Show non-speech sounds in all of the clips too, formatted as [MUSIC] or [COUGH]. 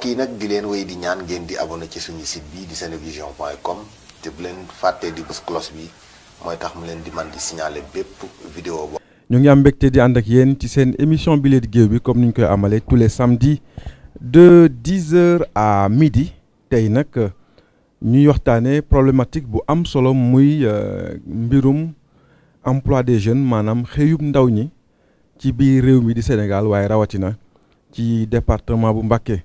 kii nag di leen wéy di ñaan ngeen di abonné ci suñu site bi di senevision point com te bu leen fàttee di tax mu leen di ñu ngi am mbégte di ànd ak yéen ci seen émission bi leen géew bi comme ni ñu koy amale tous les samedis de 10h à midi tey nag euh, ñuy waxtaanee problématique bu am solo muy euh, mbirum emploi des jeunes maanaam xëyub ndaw ñi ci biir réew mi di Sénégal waaye rawatina ci département bu Mbacké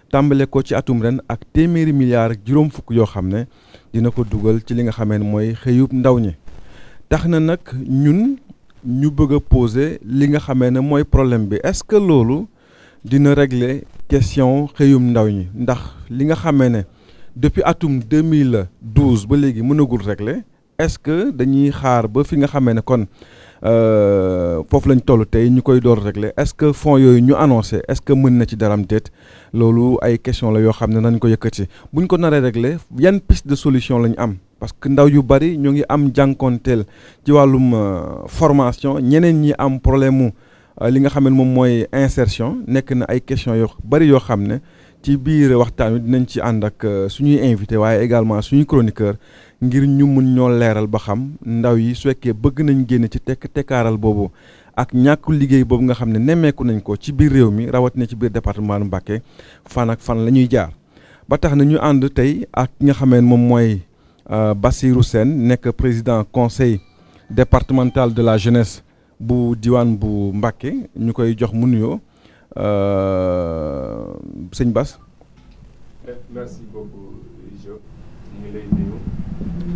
tambalé ko ci atum ren ak milliards ak fukk yo xamné dina ko ci li nga moy ñun ñu bëgg poser li nga problème est-ce que nous dina régler question xeyum ndaw ñi ndax li nga depuis atum 2012 ba léegi mënagul régler est-ce que dañuy xaar ba fi nga kon euh, foofu lañ toll tey ñu koy door régler est-ce que fond yooyu ñu annoncé est-ce que mën na ci daram déet loolu ay question la yoo xam ne nañ ko yëkkati buñ ko naree régler yan piste de solution lañ am parce que ndaw yu bari ñu ngi am jankontel ci wàllum euh, formation ñeneen ñi am problème euh, li nga xam moom mooy insertion nekk na ay question yo bari yoo xam ne ci biir waxtaan wi dinañ ci ànd ak suñuy invité waaye également suñuy chroniqueur ngir ñu mun ñoo leeral ba xam ndaw yi su fekkee bëgg nañ génn ci tekk tekkaaral boobu ak ñàkkul liggéey boobu nga xam ne nemmeeku nañ ko ci biir réew mi rawatina ci biir département de fan ak fan la ñuy jaar ba tax na ñu ànd tey ak ki nga xamee moom mooy euh, Bassirou sen nekk président conseil départemental de la jeunesse bu diwaan bu Mbacké ñu koy jox mu nuyoo euh, sëñ bas eh, merci beaucoup Diop ñu lay nuyu.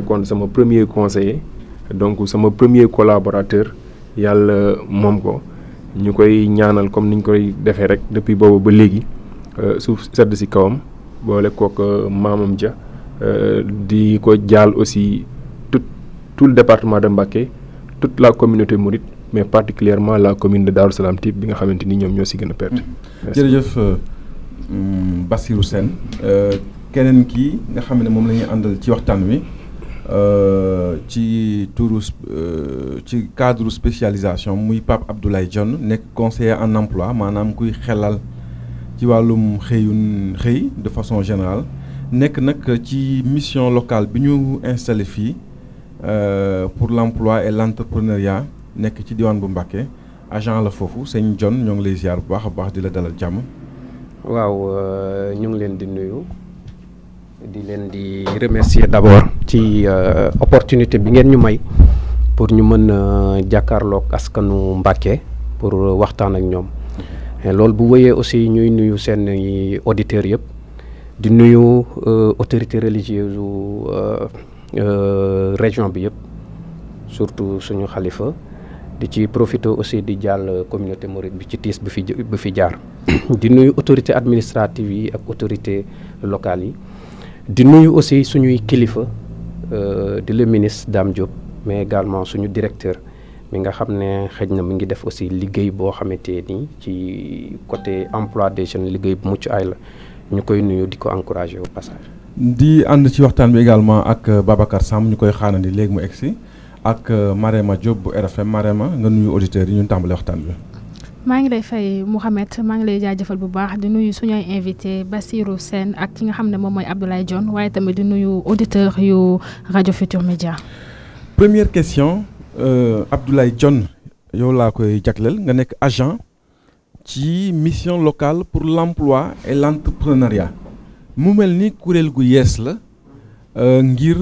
sommes sama premier conseiller donc sama premier collaborateur nous moom ko ñaanal comme niñ koy defee rek depuis boobu ba léegi euh, suuf sedd kawam boole kook euh, maamam ja euh, di ko aussi tout tout le département de toute la communauté mouride mais particulièrement la commune de Darou Salam bi nga xamante ni ñoom ñoo de gën a perte. Mm-hmm. jërëjëf mm, Bassirou Sène keneen ki nga xam ne la ci euh, ci euh, ci cadre spécialisation muy pap Abdoulaye John nek conseiller en emploi manam kuy xelal ci walum xeyun xey de façon générale nek nak ci mission locale bi ñu installé fi euh, pour l'emploi et l'entrepreneuriat nek ci diwan bu Mbacké agent la fofu c'est john ñong les lay ziar bu baax baax di la dalal jamm waaw ñong leen di nuyu di leen di remercier d'abord ci euh, opportunité bi ngeen ñu may pour ñu mën a euh, jàkkaarloog askanu Mbàkke pour euh, waxtaan ak ñoom loolu bu wëyee aussi ñuy nuyu seen auditeurs yëpp di nuyu autorité religieuse région bi yëpp surtout suñu xalifa di ci profité aussi di jàll communauté mouride bi ci tiis bi fi bi fi jaar [COUGHS] di nuyu autorité administrative yi ak autorité locale yi di nuyu aussi suñuy kilifa Euh, de le ministre Dame Diop mais également suñu directeur mi nga xamné xejna mi ngi def aussi liguey bo xamété ni ci côté emploi des jeunes liguey bu mucc ay la ñukoy nuyu diko encourager au passage. di and ci waxtan bi également ak euh, Babacar Samb ñukoy koy xaarandi léegi mu exi ak euh, Marema Diop bu RFM Marema nga nuyu auditeur yi ñu tàmbale waxtaan bi maa ngi Mohamed. fay Mouhamed maa ngi lay jaajëfal bu baax di nuyu suñu ay invité Basirou Sène ak ki nga xam ne moom Abdoulaye Dione waaye tamit di nuyu auditeur yu rajo Futur Média première question euh, Abdoulaye Dione yow laa koy jagleel nga nekk agent ci mission locale pour l'emploi et l'entrepreneuriat mu mel ni kuréel gu yees la euh, ngir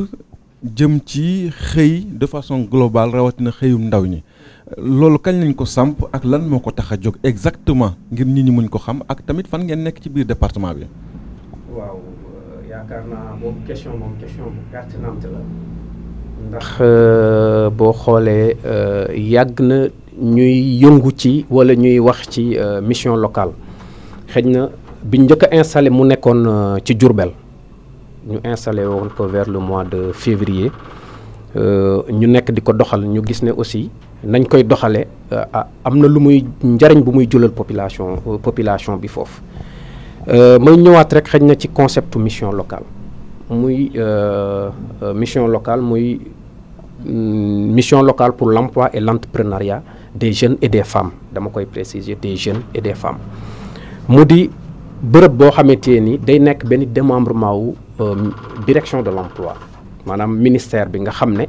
jëm ci xëy de façon globale rawatina xëyum ndaw loolu kañ lañ ko samp ak lan moo ko tax a jóg exactement ngir nit ñi mën ko xam ak tamit fan ngeen nekk ci biir département bi. waaw euh, yaakaar naa boobu question moom question bu pertinente la. ndax euh, boo xoolee euh, yàgg na ñuy yëngu ci wala ñuy wax ci mission locale xëj na biñ njëkk a installé mu nekkoon ci Diourbel ñu installé woon ko vers le mois de février ñu nekk di ko doxal ñu gis ne aussi nañ koy doxale euh, am na lu muy njariñ bu muy jëlal population euh, population bi foofu euh, may ñëwaat rek xëy na ci concept mission locale muy mission locale muy mm, mission locale pour l'emploi et l'entrepreneuriat des jeunes et des femmes dama koy préciser des jeunes et des femmes mu di bërëb boo xamante ni day nekk benn démembrement wu direction de l'emploi maanaam ministère bi nga xam ne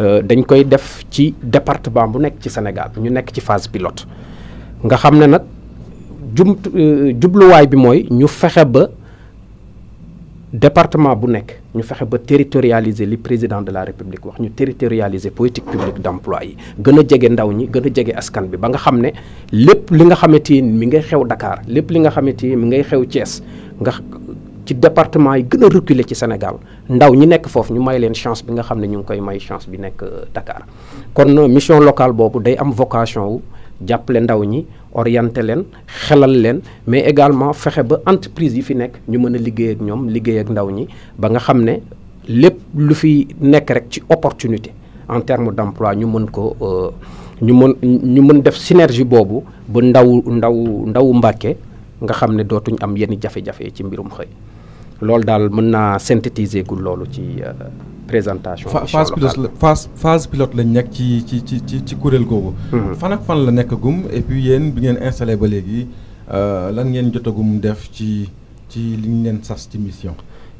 Euh, dañ koy def ci département bu nekk ci Sénégal ñu nekk ci phase pilote nga xam ne nag jum euh, jubluwaay bi mooy ñu fexe ba département bu nekk ñu fexe ba territorialiser li président de la république wax ñu territorialiser politique publique d'emploi yi gën a jege ndaw ñi gën a jege askan bi ba nga xam ne lépp li nga xamante mi ngay xew Dakar lépp li nga xamante mi ngay xew Thiès nga ci département yi gën a reculer ci Sénégal ndaw ñi nekk foofu ñu may leen chance bi nga xam ne ñu ngi koy may chance bi nekk euh, Dakar kon euh, mission locale boobu day am vocation wu jàppale ndaw ñi orienté leen xelal leen mais également fexe ba entreprise yi fi nekk ñu mën a liggéey ak ñoom liggéey ak ndaw ñi ba nga xam ne lépp lu fi nekk rek ci opportunité en terme d'emploi ñu mën ko euh, ñu mën ñu mën def synergie boobu ba ndaw ndaw ndawu Mbàkke nga xam ne dootuñ am yenn jafe-jafe ci mbirum xëy loolu daal mën naa synthétiser gul loolu ci euh, présentation. phase pilote la pilote lañ nekk ci ci ci ci ci kuréel googu. Mhm. fan ak fan la nekk gum et puis yéen bi ngeen installé ba léegi euh, lan ngeen jotagum def ci ci li ñu leen sas ci mission.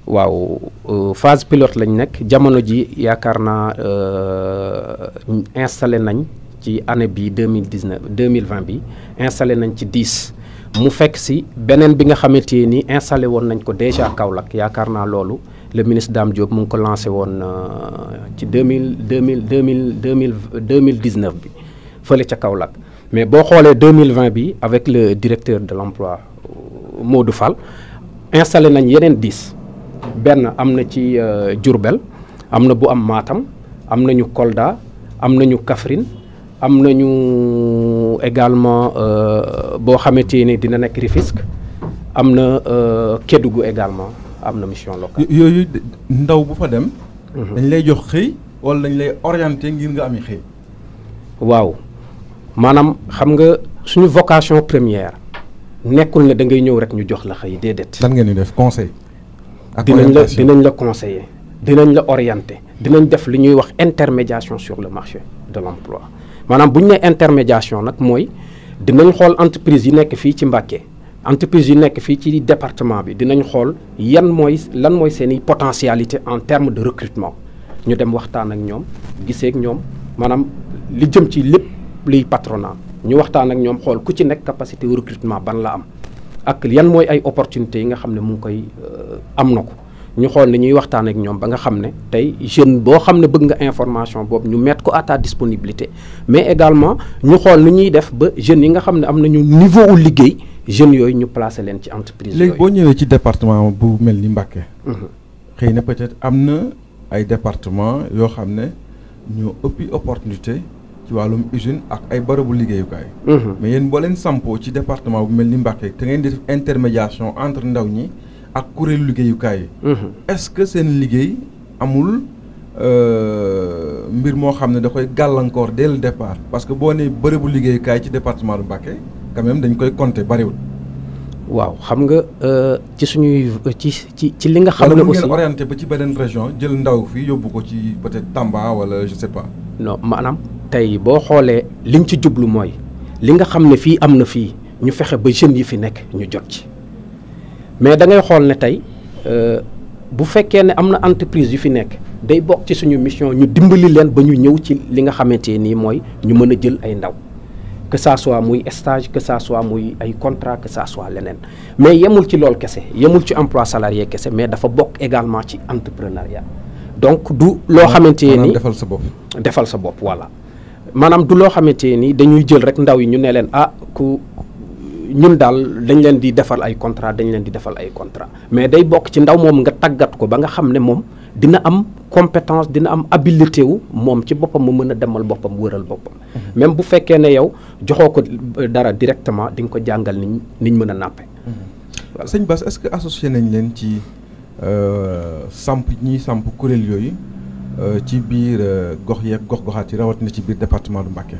waaw euh, phase pilote lañ nekk jamono ji yaakaar naa installé nañ ci année bi deux mille dix neuf deux mille vingt bi installé nañ ci dix. mu fekk si beneen bi nga ni installé nañ ko déjà Kaolack yaakaar le ministre Dame mu ko lancé woon ci mais boo xoolee 2020 avec le directeur de l'emploi emploi euh, installé nañ yeneen 10 benn ci Kolda nous avons également euh, boo ni dina nekk am na euh, également mission locale. yooyu ndaw bu fa dem. Mhm. dañ lay jox xëy wala dañ orienté ngir nga am xëy. waaw maanaam xam nga vocation première nekkul ne da ngay ñëw rek ñu jox la xëy déedéet. lan ngeen def conseil. dinañ la dinañ conseiller orienté def li intermédiation sur le marché de l'emploi maanaam bu ñu nee intermédiation nag mooy dinañ xool entreprise yi nekk fii ci Mbacké entreprise yi nekk fii ci département bi dinañ xool yan mooy lan mooy potentialité en terme de recrutement ñu dem waxtaan ak ñoom gisee ak ñoom maanaam li jëm ci lépp luy patronat ñu waxtaan ak ñoom xool ku ci nekk capacité recrutement ban la am ak yan mooy ay opportunités yi nga xam ne mu koy euh, am na ñu xol ni ñuy waxtaan ak ñom ba nga xam tay jeune bo xam bëgg nga information bob ñu mettre ko à ta disponibilité mais également ñu xol ni ñuy def ba jeune yi nga xam amna ñu niveau u liggéey jeunes yooyu ñu placer leen ci entreprise léegi bo ñëwé ci département bu melni Mbacké mhm. xëy na peut-être amna ay département yo xam ñu ñoo opportunité ci walum usine ak ay barabu liggéeyukaay mhm. mais yeen bo leen sampo ci département bu melni Mbacké te ngeen def intermédiation entre ndaw ñi ak kuréelu liggéeyukaay yi. Mhm. est-ce que seen liggéey amul euh, mbir mo xam da koy gàllankoor dès le départ parce que boo bu liguey kay ci département du Mbacké quand même dañ koy compter bariwul. waaw xam nga euh ci suñuy ci ci ci li nga. xam ne aussi ngeen orienté ba ci beneen région jël ndaw fi yóbbu ko ci peut-être Tamba wala je sais pas. non maanaam tay bo xolé liñ ci djublu moy li nga xam fi amna fi ñu fexé ba jeune yi fi nek ñu jot ci. mais da ngay xool ne tey euh, bu fekkee ne am na entreprise yu fi nekk day bokk ci suñu mission ñu dimbali leen ba ñu ñëw ci li nga xamante nii mooy ñu mën a jël ay ndaw que sa soit muy stage que sa soit muy ay contrat que ça soit leneen mais yemul ci loolu kese yemul ci emploi salarié kese mais dafa bokk également ci entrepreneuriat donc du loo xamante ni defal sa bopp defal sa bopp voilà maanaam du loo xamante ni dañuy jël rek ndaw yi ñu ne leen ah ku ñun daal dañ leen di defal ay contrat dañ leen di defal ay contrat mais day bokk ci ndaw moom nga tàggat ko ba nga xam ne moom dina am compétence dina am habilité wu moom ci boppam mu mën a demal boppam wëral boppam. Mhm. même bu fekkee ne yow joxoo ko dara directement di nga ko jàngal niñ niñ mën a nàppe. Mhm. sëñ Bass est-ce que associé nañ leen ci euh, samp ñiy samp kuréel yooyu euh, ci biir euh, gox yeeg gox goxaat yi rawatina ci biir département lu Mbacké.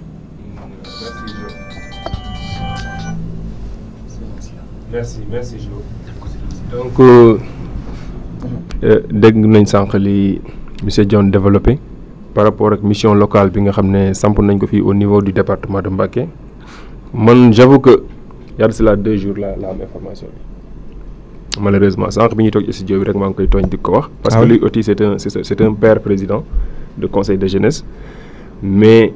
merci merci Jo. donc euh, euh, dès que développé par rapport la mission locale bi nga au niveau du département de Mbaké, j'avoue que il y la deux jours la la information malheureusement ah que lui c'est un père président de conseil de jeunesse mais.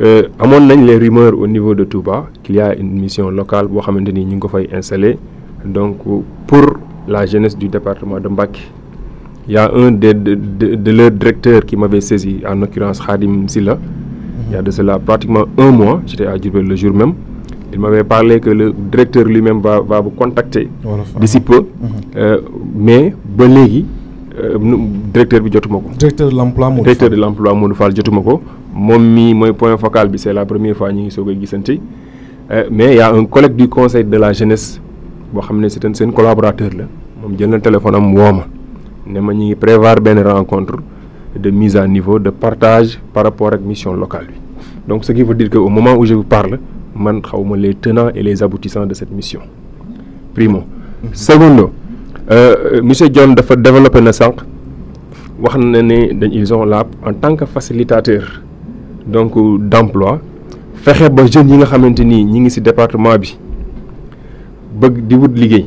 Euh, mon nañ les rumeurs au niveau de Touba qu'il y a une mission locale donc pour la jeunesse du département de il y a un de, de, leurs directeurs qui m'avait saisi en l'occurrence Khadim Silla mhm. il y a de cela pratiquement un mois j'étais à le jour même il m'avait parlé que le directeur lui-même va va vous contacter d'ici peu mhm. euh, mais ba euh, directeur bi directeur de l'emploi directeur de l'emploi c'est point focal bi la première fois ñi ngi soog mais il euh, mais y' a un collègue du conseil de la jeunesse c'est xamné c'est collaborateur la mom jël na téléphone am woma ma prévoir rencontre de mise à niveau de partage par rapport à la mission locale bi donc ce qui veut dire que au moment où je vous parle man xawma les tenants et les aboutissants de cette mission primo. Mhm. secondo euh, monsieur John dafa développer na sank wax na ni dañ ils ont là en tant que facilitateur donc d'emploi, fexé ba jeune yi nga xamanteni ni ñi ngi ci département bi bëgg di wut liggéey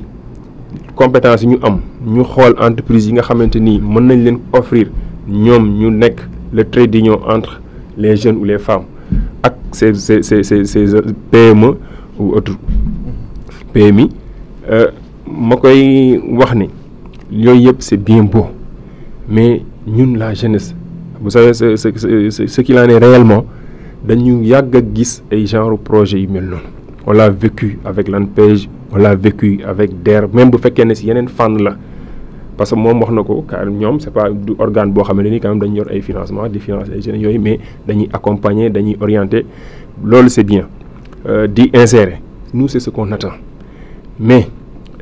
compétence yi ñu am ñu xool entreprise yi nga xamanteni mën nañ leen offrir ñoom ñu nekk le trait d'union entre les jeunes ou les femmes ak ces ces ces ces PME ou autre PMI. Euh, ma koy wax ni yooyu yëpp c'est bien beau mais ñun la jeunesse vous savez ce ce ce ce qu'il en est réellement dañu yàgg a gis ay genre projet yu mel noonu. on l'a vécu avec l'ANPEJ on l'a vécu avec DER même bu fekkee ne si yeneen fànn la parce que moom wax na ko car ñoom c'est pas du organe boo xam ni quand même dañu yor ay financement des finance ay jeunes yooyu mais dañuy accompagner dañuy orienter loolu c'est bien euh, di insérer nous c'est ce qu'on attend mais.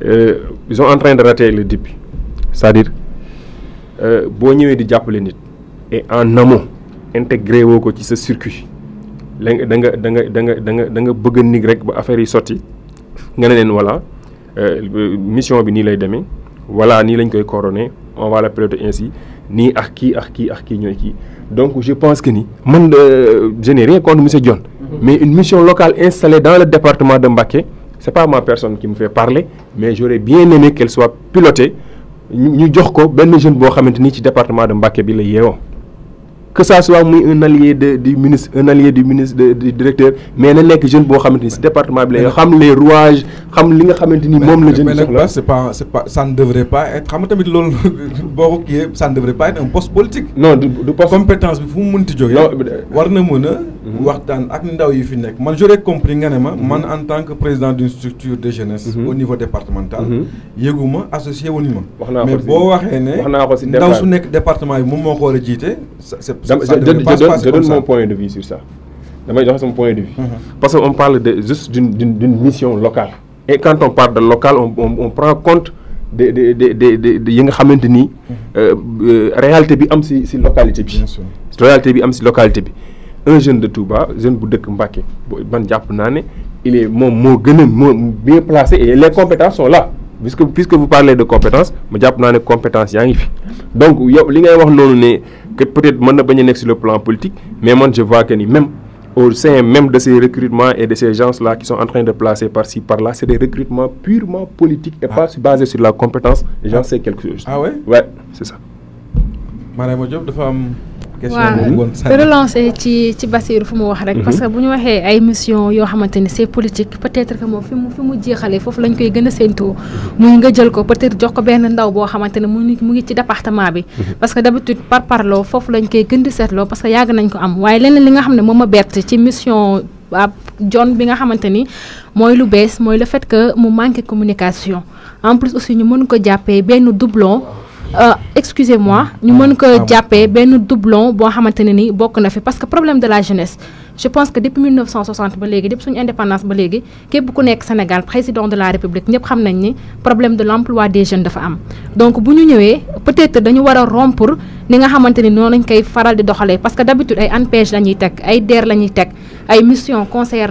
Euh, ils sont en train de rater le début c'est-à-dire euh, boo ñëwee di jàppale nit et en amont intégré au ko ci circuit la da nga da nga da nga da nga bëgg voilà euh, mission bi venue lay voilà nous lañ koy on va la piloter ainsi ni ak kii ak qui, ak donc je pense que ni man je n'ai rien contre monsieur John, mm-hmm. mais une mission locale installée dans le département de Mbaké, ce n'est pas ma personne qui me fait parler mais j'aurais bien aimé qu'elle soit pilotée Nous avons ko jeune qui est dans ci département de Mbaké que ça soit muy un allié de du ministre un allié du ministre du directeur mais na nekk jeune bo xamante ni département bi la xam les rouages xam li nga xamante mom la jeune bi c'est pas c'est pas ça ne devrait pas être xam tamit lool [LAUGHS] boo ko kii ça ne devrait pas être un poste politique non du poste compétence bi fu mu mënti jógee war na mën a mhm. ak ndaw yi fi nek man j'aurais compris ngane ma mhm. man en tant que président d'une structure de jeunesse mhm. au niveau départemental yeguma associé au ma mais bo waxé né ndaw su département bi moom moo ko war je, donne, mon point de vue sur ça. point de vue. Mhm. parce qu'on parle juste d'une mission locale. et quand on parle de local on on, prend compte de de de de yi nga mhm. euh, euh, réalité bi am ci localité bi. un jeune de Touba jeune bu dëkk il est bien placé et les compétences sont là puisque puisque vous parlez de compétences, je vous n'a une compétence yaa ngi donc ce que vous wax c'est que peut-être que ne bañ pas sur le plan politique mais moi je vois que même au sein même de ces recrutements et de ces gens-là qui sont en train de placer par-ci par-là c'est des recrutements purement politiques et pas ah. basés sur la compétence j'en ah. sais quelque chose. ah ouais ouais c'est ça. Mariama Diop de femme waaw relancer ci ci Bassirou fu mu wax rek. parce que bu ñu waxee ay mission yoo xamante ni c'est politique peut-être que moom fi mu fi mu jeexalee foofu lañ koy gën a séentoo muy nga jël ko peut-être jox ko benn ndaw boo xamante ne mu ngi mu ngi ci département bi. Mhm. parce que d'habitude par parlo, foofu lañ koy gën di seetloo parce que yàgg nañ ko am waaye leneen li nga xam ne moom a bett ci mission. ab jon bi nga xamante ni mooy lu bees mooy le fait que mu manque communication en plus aussi ñu mën ko jàppee benn doublon euh, excusez-moi nous mën ko que ah, ah, ah. nous doublon ni parce que problème de la jeunesse je pense que depuis 1960 depuis son indépendance ba président de la République nous xam le problème de l'emploi des jeunes dafa donc nous peut-être rompre ni nga non parce que d'habitude ay a lañuy ay DER ay mission conseillère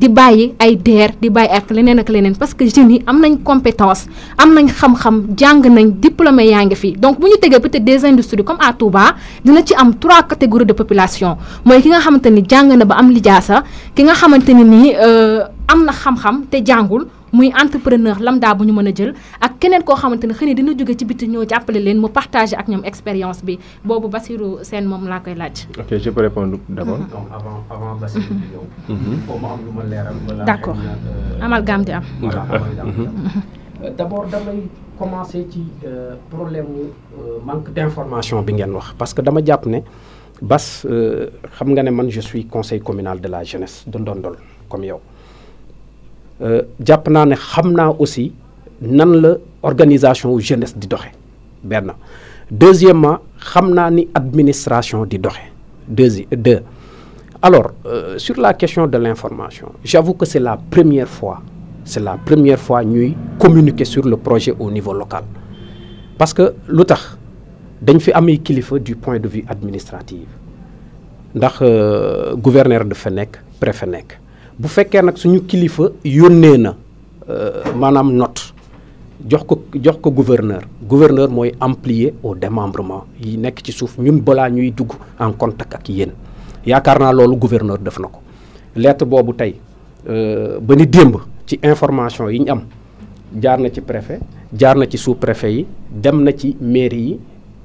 di bàyyi ay DER di bàyyi ak leneen ak leneen parce que jeunes yi am nañ compétence am nañ xam-xam jàng nañ diplômé yaa ngi fi donc bu ñu tegee peut-être des industries comme à Touba dina ci am trois catégories de population mooy ki nga xamante ni jàng na ba am lijaasa ki nga xamante ni nii euh, am na xam-xam te jàngul muy entrepreneur lambda bu ñu mën a jël ak keneen koo xamante ne xëy na dina jóge ci biti ñoo jàppale leen mu partager ak ñoom expérience bi boobu Basirou Sène moom laa koy laaj. ok je peux répondre d'abord. donc avant avant Basirou di mhm. ñëw. foo mhm. ma am lu ma leeral. balaa d'accord euh, amalgame di am. voilà amalgame di am. Mhm. Euh, d'abord damay commencer ci euh, problème mu manque d'information bi ngeen wax parce que dama jàpp ne Bas xam nga ne man je suis conseil communal de la jeunesse de Ndondol comme yow. Euh, jàpp naa ne aussi nan la organisation jeunesse di doxe benn deuxièmement xam ni administration di alors euh, sur la question de l'information j'avoue que c'est la première fois c'est la première fois ñuy communiquer sur le projet au niveau local parce que lu tax fi amay du point de vue administratif ndax euh, gouverneur de nekk préfet nekk bu fekkee nag suñu kilifa yónnee na euh, maanaam note jox ko jox ko gouverneur gouverneur mooy amplier au démembrement yi nekk ci suuf ñun balaa ñuy dugg en contact ak yéen yaakaar naa loolu gouverneur def na ko lettre boobu tey euh, ba ni démb ci information yi ñu am jaar na ci préfet jaar na ci sous préfet yi dem na ci mairie yi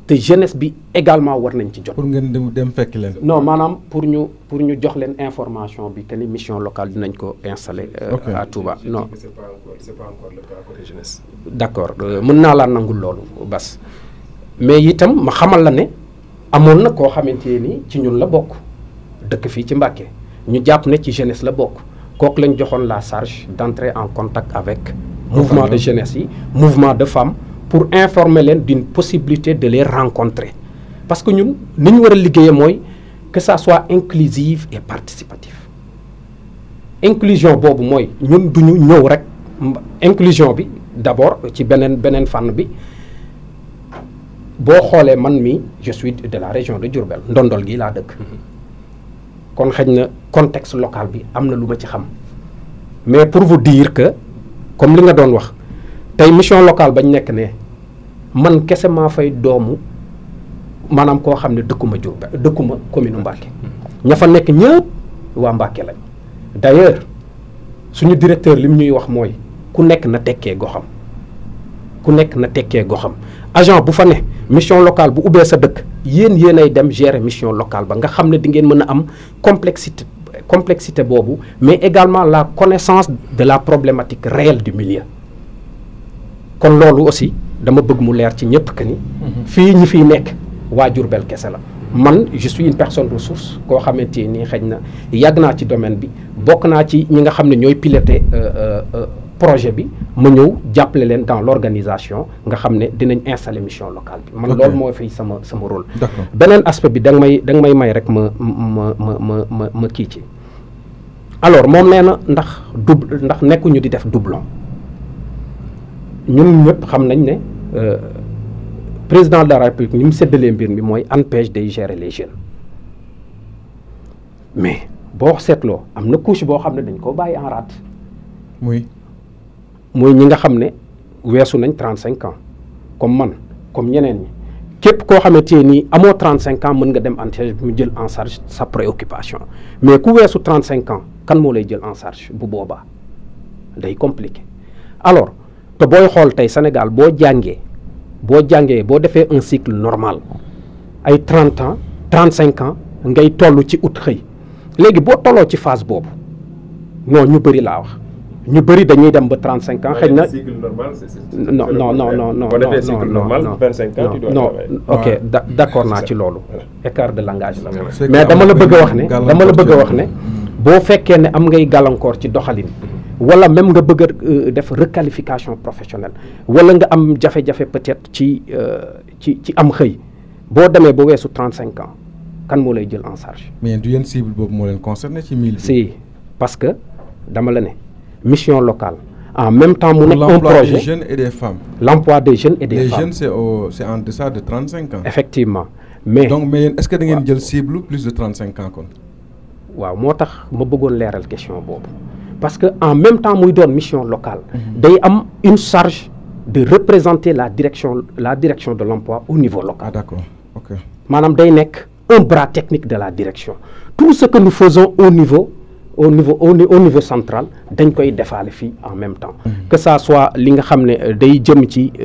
te jeunesse bi également war nañ ci jot. pour ngeen dem dem fekk len non manam pour ñu pour ñu jox leen information bi que ni mission locale dinañ ko installé. Euh, à Touba non. c'est pas encore c'est pas encore le cas côté jeunesse. d'accord euh, mën na la nangul lolu bas mais itam ma xamal la ne amon na ko xamante ni ci ñun la bok dëkk fi ci Mbacké ñu japp ne ci jeunesse la bok kok lañ joxoon la charge d'entrer en contact avec. mouvement de jeunesse yi mouvement de femmes pour informer les d'une possibilité de les rencontrer parce que nous Nous ñu travailler a que ça soit inclusif et participatif inclusion bob moy, ñun nous nous rek inclusion d'abord ci benen benen fan bi boo man mi je suis de la région de Djourbel, ndondol gi laa dëkk mhm. kon contexte local bi amne na lu ma ci xam mais pour vous dire que comme li nga don tey mission locale bañ nekk ne man kese maa fay doomu maanaam koo xam ne dëkkuma jur dëkkuma commune Mbacké mm-hmm. ña fa nekk ñëpp waa Mbacké lañ d'ailleurs suñu directeur lim ñuy wax mooy ku nekk na tekkee goxam ku nekk na tekkee goxam agent bu fa ne mission locale bu ubbee sa dëkk yéen yéen dem gérer mission locale ba nga xam ne di ngeen mën a am complexité complexité boobu mais également la connaissance de la problématique réelle du milieu kon loolu aussi dama bëgg mu leer ci ñëpp que ni. Mhm. ñi nekk je suis une personne ressource koo xamante ni xëy na domaine bi bokk naa ci ñi nga euh, euh, euh, projet bi ma dans l'organisation, nga installer mission locale bi. man loolu moo fay sama rôle. aspect bi may may may rek ma ma ma ma alors je nee na ndax doublon ñun ñëpp xam nañ ne euh, président de la république ni mu séddalee mbir mi mooy ANPEJ day gérer les jeunes mais boo seetloo am na couche boo xam ne dañ koo bàyyi en rate. muy muy ñi nga xam ne weesu nañ 35 ans comme man comme ñeneen ñi képp koo xamante ni amoo 35 ans mën nga dem ANPEJ mu jël en charge sa préoccupation mais ku weesu 35 ans kan moo lay jël en charge bu boobaa day compliqué alors. Si booy Sénégal boo jàngee tu as un cycle normal ay 30 ans 35 ans ngay toll ci out xey légui bo tolo ci phase boobu non ñu bëri la wax ñu bëri dañuy dem ba trente ans normal, na non non non non non non ok d'accord, normal, ci lolu écart de langage mais dama la bëgg wax né dama la bëgg wax ne bo né am ngay ci wala même nga bëgg euh, def requalification professionnelle wala nga am jafe-jafe peut-être ci euh, ci ci am xëy boo demee ba weesu 35 ans kan vous lay jël en charge. mais du cible boobu moo leen concerné ci mille. si parce que dama la mission locale en même temps mu des jeunes et des femmes. L'emploi des jeunes et des femmes les jeunes c'est en dessous de 35 ans. effectivement mais donc mais est ce que vous ngeen une cible plus de 35 ans kon. waaw moo tax ma bëggoon question parce qu'en même temps il donne mission locale mhm. y a une charge de représenter la direction la direction de l'emploi au niveau local ah, d'accord ok un bras technique de la direction tout ce que nous faisons au niveau au niveau au niveau central dañ koy defaale en même temps mm-hmm. que ça soit li nga xam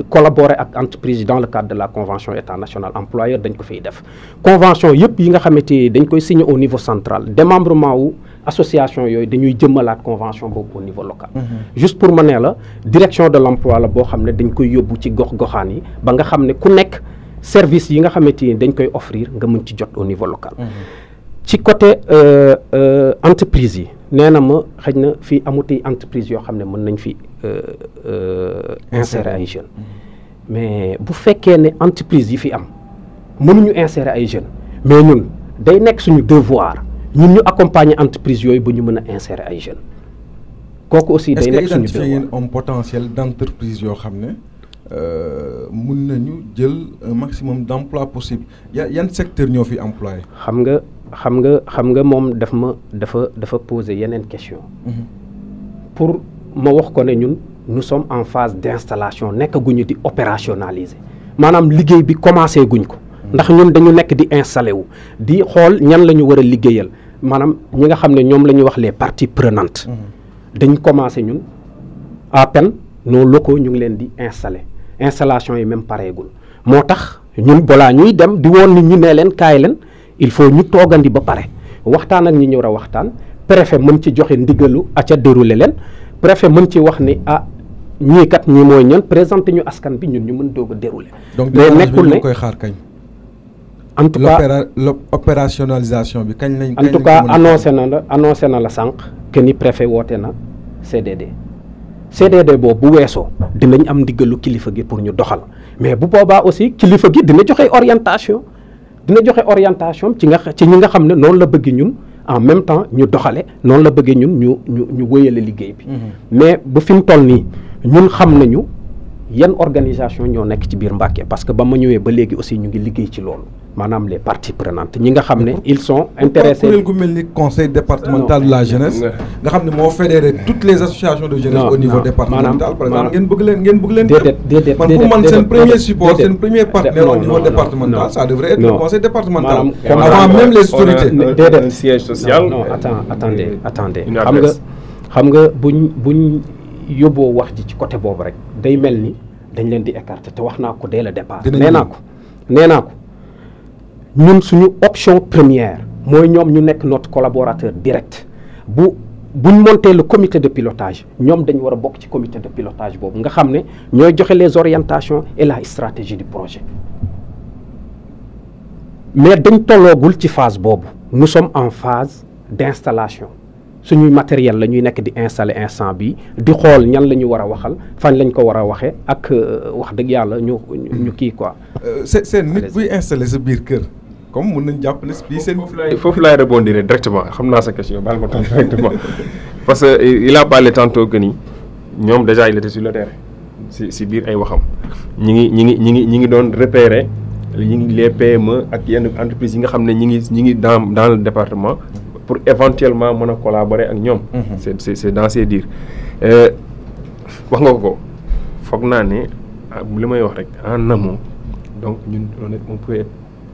collaborent euh, day jëm euh, dans le cadre de la convention état national employeur dañ ko fiy def convention yëpp yi nga signe au niveau central démembrement ou association yooyu dañuy la convention au niveau local mm-hmm. juste pour mané la direction de l'emploi la bo xamné dañ koy yobbu ci gox goxaan ba nga xamné ku service yi nga xamé offrir nga au niveau local mm-hmm ci côté euh, euh, entreprise yi nee na ma xëy na amuti entreprise yo xam ne mën nañ fi euh, euh insérer ay jeunes mm-hmm. mais bu fekkee ne entreprise yi fi am mënuñu insérer ay jeunes mais ñun day nekk suñu devoir ñun ñu accompagner entreprise yooyu ba ñu mën a insérer ay jeunes kooku aussi day nekk suñu devoir est-ce que identifié un potentiel d'entreprise yoo xam ne mën nañu jël un maximum d'emploi possible ya yan secteur ñoo fi employé xam nga xam nga xam nga moom daf ma dafa dafa poser yeneen question mhm. pour ma wax ko ne ñun nous sommes en phase d'installation nekkaguñu di opérationnaliser maanaam liggéey bi commencé guñ ko ndax ñun dañu nekk di installé wu di xool ñan la ñu war a liggéeyal maanaam ñi nga xam ne ñoom la ñuy wax les partie prenantes mhm. dañ commencé ñun à peine nos locaux ñu ngi leen di installé installation yi même pareegul moo tax ñun balaa ñuy dem di woon nit ñu ne leen kaay leen il faut ñu toogandi ba pare waxtaan ak ñi ñu war a waxtaan préfet mën ci joxe ndigalu aca déroulé leen préfet mën ci wax ni ah ñii kat ñi mooy ñan présenté ñu askan bi ñun ñu mën doog a déroulé. donc nekkul ne koy xaar kañ. en tout cas l'opérationnalisation bi kañ lañ. en tout cas na la annoncé na la sànq que ni préfet woote na CDD. CDD boobu bu weesoo dinañ am ndigalu kilifa gi pour ñu doxal mais bu boobaa aussi kilifa gi dina joxe orientation. dina joxe orientation ci nga ci ñi nga xam ne noonu la bëggee ñun en même temps ñu doxale noonu la bëggee ñun ñu ñu ñu wëyale liggéey bi mhm. mais bu fi mu toll nii ñun xam nañu yan organisation ñoo nekk ci biir Mbàkke parce que ba ma ñëwee ba léegi aussi ñu ngi liggéey ci loolu Madame les parties prenantes ils sont intéressés Le conseil départemental de la jeunesse fédéré toutes les associations de jeunesse au niveau départemental par exemple premier support un premier partenaire au niveau départemental ça devrait être le conseil départemental avant même les autorités siège attendez attendez côté le sommes une option première Nous notre collaborateur direct bu buñ le comité de pilotage Nous avons comité de pilotage Nous nga les orientations et la stratégie du projet mais dans cette phase nous sommes en phase d'installation Nous matériel la ñuy matériel di installer un comme mën nañ jàpp ne bii seen. foofu laay foofu rebondir directement xam naa sa question baal ma tontu directement [LAUGHS] parce que euh, il a parlé tantôt que ni ñoom déjà il était sur le terrain si si biir ay waxam ñi ngi ñi ngi ñi ngi ñi ngi doon repérer ñi ngi les PME ak yenn entreprises yi nga xam ne ñi ngi ñi ngi dans dans le département pour éventuellement mën a collaborer ak ñoom. Mhm. c'est c'est c'est dans ces dires euh, wax nga ko ko foog naa ne ah, li may wax rek en amont donc ñun on peut être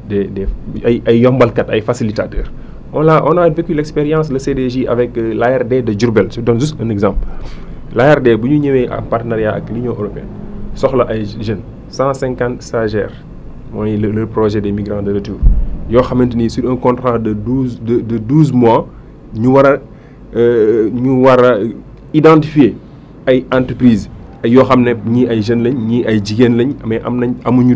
des, des, ay, ay ay facilitateurs. On a, on a vécu l'expérience, le CDJ, avec euh, l'ARD de Djurbel. Je donne juste un exemple. L'ARD, si nous sommes en partenariat avec l'Union européenne, soxla ay jeunes 150 stagiaires le, projet des migrants de retour ils ont sur un contrat de 12 de de mois ñu ont identifié euh, ñu entreprise. a identifier ay entreprises yoo xam ne les jeunes lañ ñii ay mais amuñu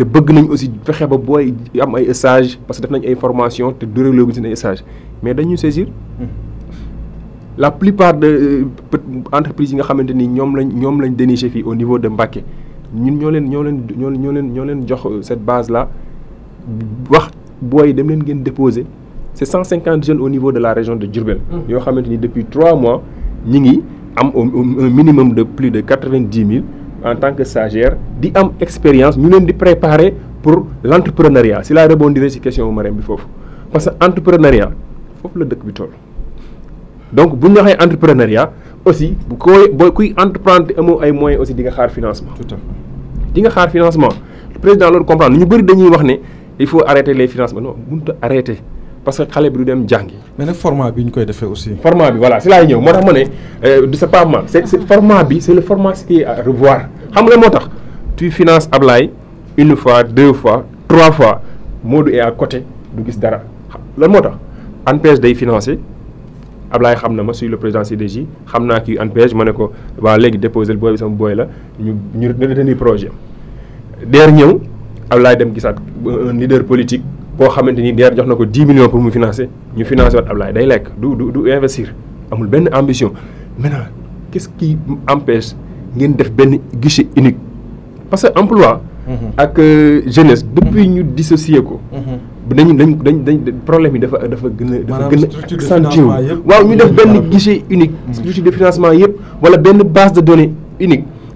te bëgg nañ aussi fexe ba booy am ay stage parce que def nañ ay formation te durée gu seen ay stage mais dañu saisir hmm. la plupart de euh, entreprises yi nga xamante ni ñoom lañ ñoom lañ déniché fii au niveau de Mbacké ñun ñoo leen ñoo leen ñoo ñoo leen ñoo leen jox euh, cette base là wax booy dem leen ngeen déposer c'est cent cinquante jeunes au niveau de la région de Diourbel hmm. yoo xamante ni depuis trois mois ñi ngi am un minimum de plus de quatre-vingt-dix mille en tant que stagiaire di am expérience ñu leen préparer pour l'entrepreneuriat. C'est la réponse rebondir la question bu parce que l'entrepreneuriat, il la dëkk bi donc si vous entrepreneuriat aussi Vous pouvez entreprendre et ay moyens aussi di nga financement. tout à fait di nga xaar financement président loolu comprendre ñu bëri dañuy wax il faut arrêter les financements non arrêter parce que xale bi dem mais le format bi ñukoy défé aussi. format bi voilà si laay ñëw Motax mané euh du c'est pas mal c'est c'est format bi c'est le format cité qui à revoir xam nga motax tu finances Ablaye une fois deux fois trois fois Modou est à côté du gis dara lan motax? tax day financer Ablaye xam na ma suis le président CDJ xam naa ki ANPEJ mané ko waa légui déposer booy bi sama boy la ñu ñu tenir projet am. DER ñëw Ablaye dem gisat euh, un leader politique koo xamante ni DER jox na 10 millions pour mu financer ñu financer wat Ablaye day lekk du du du investir amul benn ambition maintenant qu'est-ce qui empêche ngeen def benn guichet unique parce que emploi mhm. ak euh, jeunesse depuis mhm. ñu dissocier ko mhm. dañu dañ problème yi dafa dafa gën a dafa gën a accentué waaw ñu def benn guichet unique structure de financement yëpp wala benn base de données unique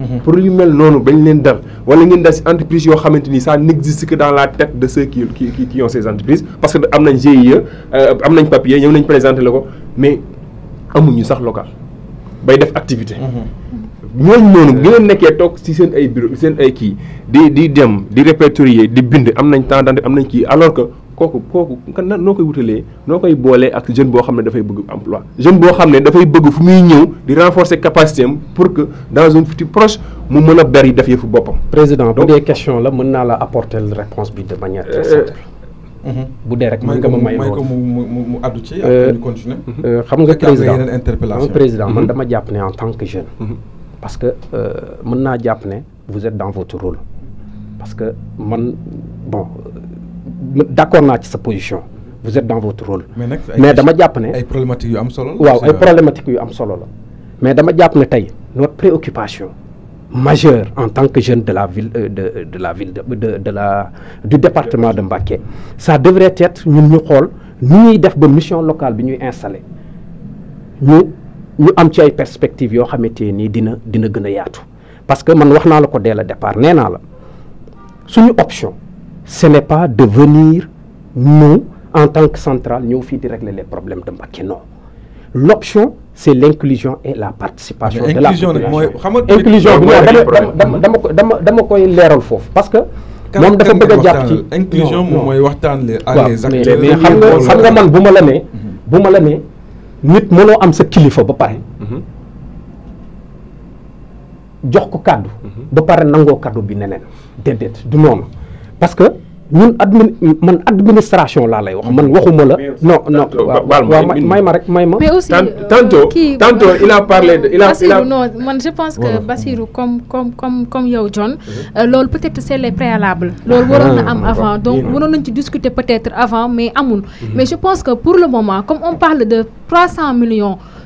Mhm. pour lui mel bañ dal entreprise n'existe que dans la tête de ceux qui ont ces entreprises parce que am des GIE euh, am nañ papier mais sax local def activité. Mhm. bu nekké tok ci seen ay bureau seen ay di di dem di répertorier di bind am temps alors que kooku kooku noo koy wutalee noo koy boolee ak jeune boo xam ne dafay bëgg emploi jeune boo xam ne dafay bëgg fu muy ñëw di renforcer capacité am pour que dans un futur proche mu mën a bari def yëfu boppam. président bu dee question la mën naa la apporter réponse bi de manière très euh, simple. Euh, bu dee rek mën nga ma may ko mu mu mu addu ci euh, ñu continuer. xam nga président xam nga président man mhm. dama jàpp ne en tant que jeune. Mhm. parce que mën naa jàpp ne vous êtes dans votre rôle. parce que man bon d'accord avec sa position vous êtes dans votre rôle. mais dama ne problématiques problématiques mais notre préoccupation majeure en tant que jeune de la ville euh, de la ville de du département de Mbaké, ça devrait être ñun rôle, nous nous def mission locale nous nous nous parce que nous départ nous, option ce n'est pas de venir nous, en tant que centrale, nous de régler les problèmes de non. L'option, c'est l'inclusion et la participation de la Inclusion, je Parce que moom dafa vais vous inclusion moi je les acteurs mais nga xam nga man la les mhm. la nit du parce que mon administration là lay wax man waxuma la non non mais may ma mais aussi euh, tantôt euh, tantôt il a parlé de il a non je pense que Basirou comme comme comme comme yow John mhm. euh, loolu peut-être c'est les préalables loolu ah, waron na am avant donc on nañ ci discuter peut-être avant mais amul mhm. mais je pense que pour le moment comme on parle de 300 millions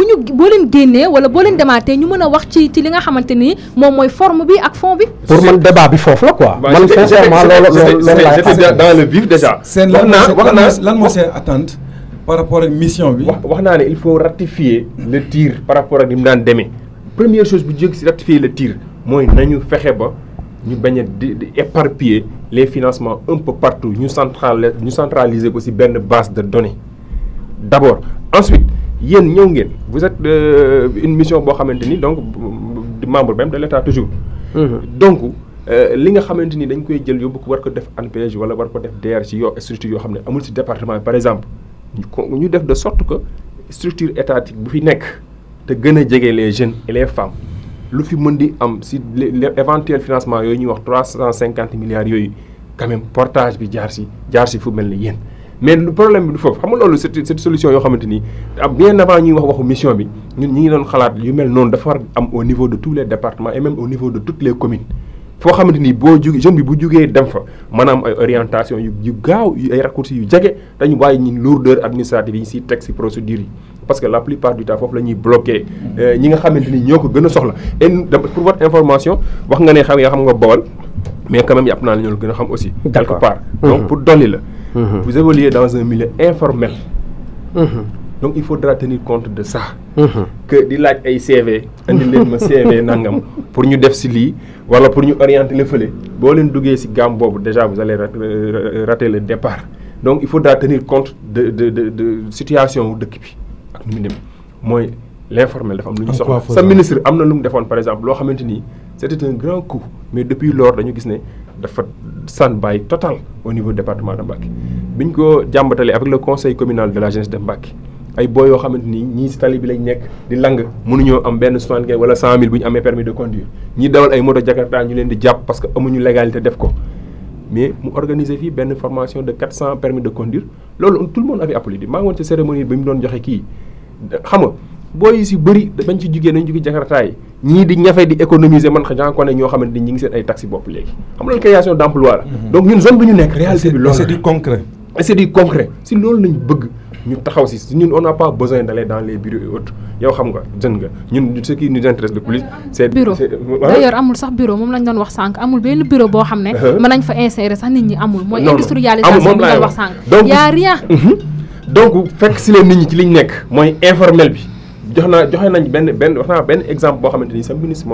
bu ñu boo leen génnee wala bo leen dématé ñu mëna wax ci ci li nga xamante ni moom mooy forme bi ak fond bi. pour man débat bi fofu la quoi. Bah, man sincèrement lolo loolu laay dans le vif déjà. seen lan lan moo seen attente par rapport ak mission bi. wax wax naa il faut ratifier le tir par rapport ak ni mu daan demee première chose bu jëg si ratifier le tir moy nañu fexé ba. ñu bañ a éparpiller les financements un peu partout ñu central ñu centraliser ko ci benn base de données d'abord ensuite yéen ñëw ngeen vous êtes euh, une mission boo xamante ni donc membre même de l'État toujours. Mhm. donc euh, li nga xamante ni dañ koy jël yóbbu ko war ko def ANPEJ wala war ko def DER ci yoo structure yoo xam ne amul ci département par exemple ñu ñu def de sorte que structure étatique bu fi nekk te gën a jege les jeunes et les femmes lu fi mën di am ci éventuel financement yooyu ñuy wax 350 milliards yooyu quand même portage bi jaar ci jaar ci fu mel ni yéen mais le problème bi du foofu xam nga loolu cette solution yoo xamante ni bien avant ñuy wax waxu mission bi ñun ñi ngi doon xalaat yu mel noonu dafa war am au niveau de tous les départements et même au niveau de toutes les communes foo xamante ni boo jugee jeune bi bu jugee dem fa maanaam ay orientation yu yu gaaw ay raccourcis yu jege dañu bàyyi ñun lourdeur administrative yi si teg si procédure yi parce que la plupart du temps foofu la ñuy bloqué euh, ñi nga xamante ni ñoo ko gën a soxla et pour votre information wax nga ne xam nga xam nga Bawol mais quand même yàpp naa la ñoo gën a xam aussi quelque part donc mmh. pour dolli la Mhm. vous évoluez dans un milieu informel. Mhm. donc il faudra tenir compte de ça. Mhm. que di laaj ay CV. andi len ma CV [LAUGHS] nangam pour nous def ci li pour nous orienter le feulé. Si vous ne si pas bobu déjà vous allez euh, rater le départ donc il faudra tenir compte de de de de situation ou bi ak l'informel dafa am lu ñu soxla sa ministre amna lu par exemple c'était un grand coup mais depuis lors dañu gis ne dafa sànbaay total au niveau du département de Mbacké bi ñu ko jàmbatalee avec le conseil communal de la jeunesse de Mbacké ay boo yoo xamante ni tali bi lañ nekk di lang mënuñoo am benn soixante wala 100000 buñ amé permis de conduire ñi dawal ay moto Jakarta ñu leen di japp parce que amuñu légalité def ko mais mu organiser fi benn formation de 400 permis de conduire loolu tout le monde avait applaudi maa ngi woon ci cérémonie bi mu doon joxe ki, xam nga booy yu si bëri bañ ci jugee nañ jóge jakarta yi ñii di ñafe di économiser man j'en connais ñoo xamante ni ñi ngi seen ay taxi bopp léegi xam loolu création mhm. bëgg ñu taxaw si si ñun on n'a pas besoin d'aller dans les bureaux et autres yow xam nga jeune nga ñun ce qui nous intéresse le plus bureau d'ailleurs amul sax bureau moom lañ doon wax sànq amul benn bureau boo xam ne uh-huh. mën nañ fa insérer sax nit ñi amul mooy industrialisation bi nga wax sànq donc a rien mhm. donc fekk si leen nit ñi ci liñ nekk mooy informel bi Johanna, joxe un benn exemple boo xamante sa ministre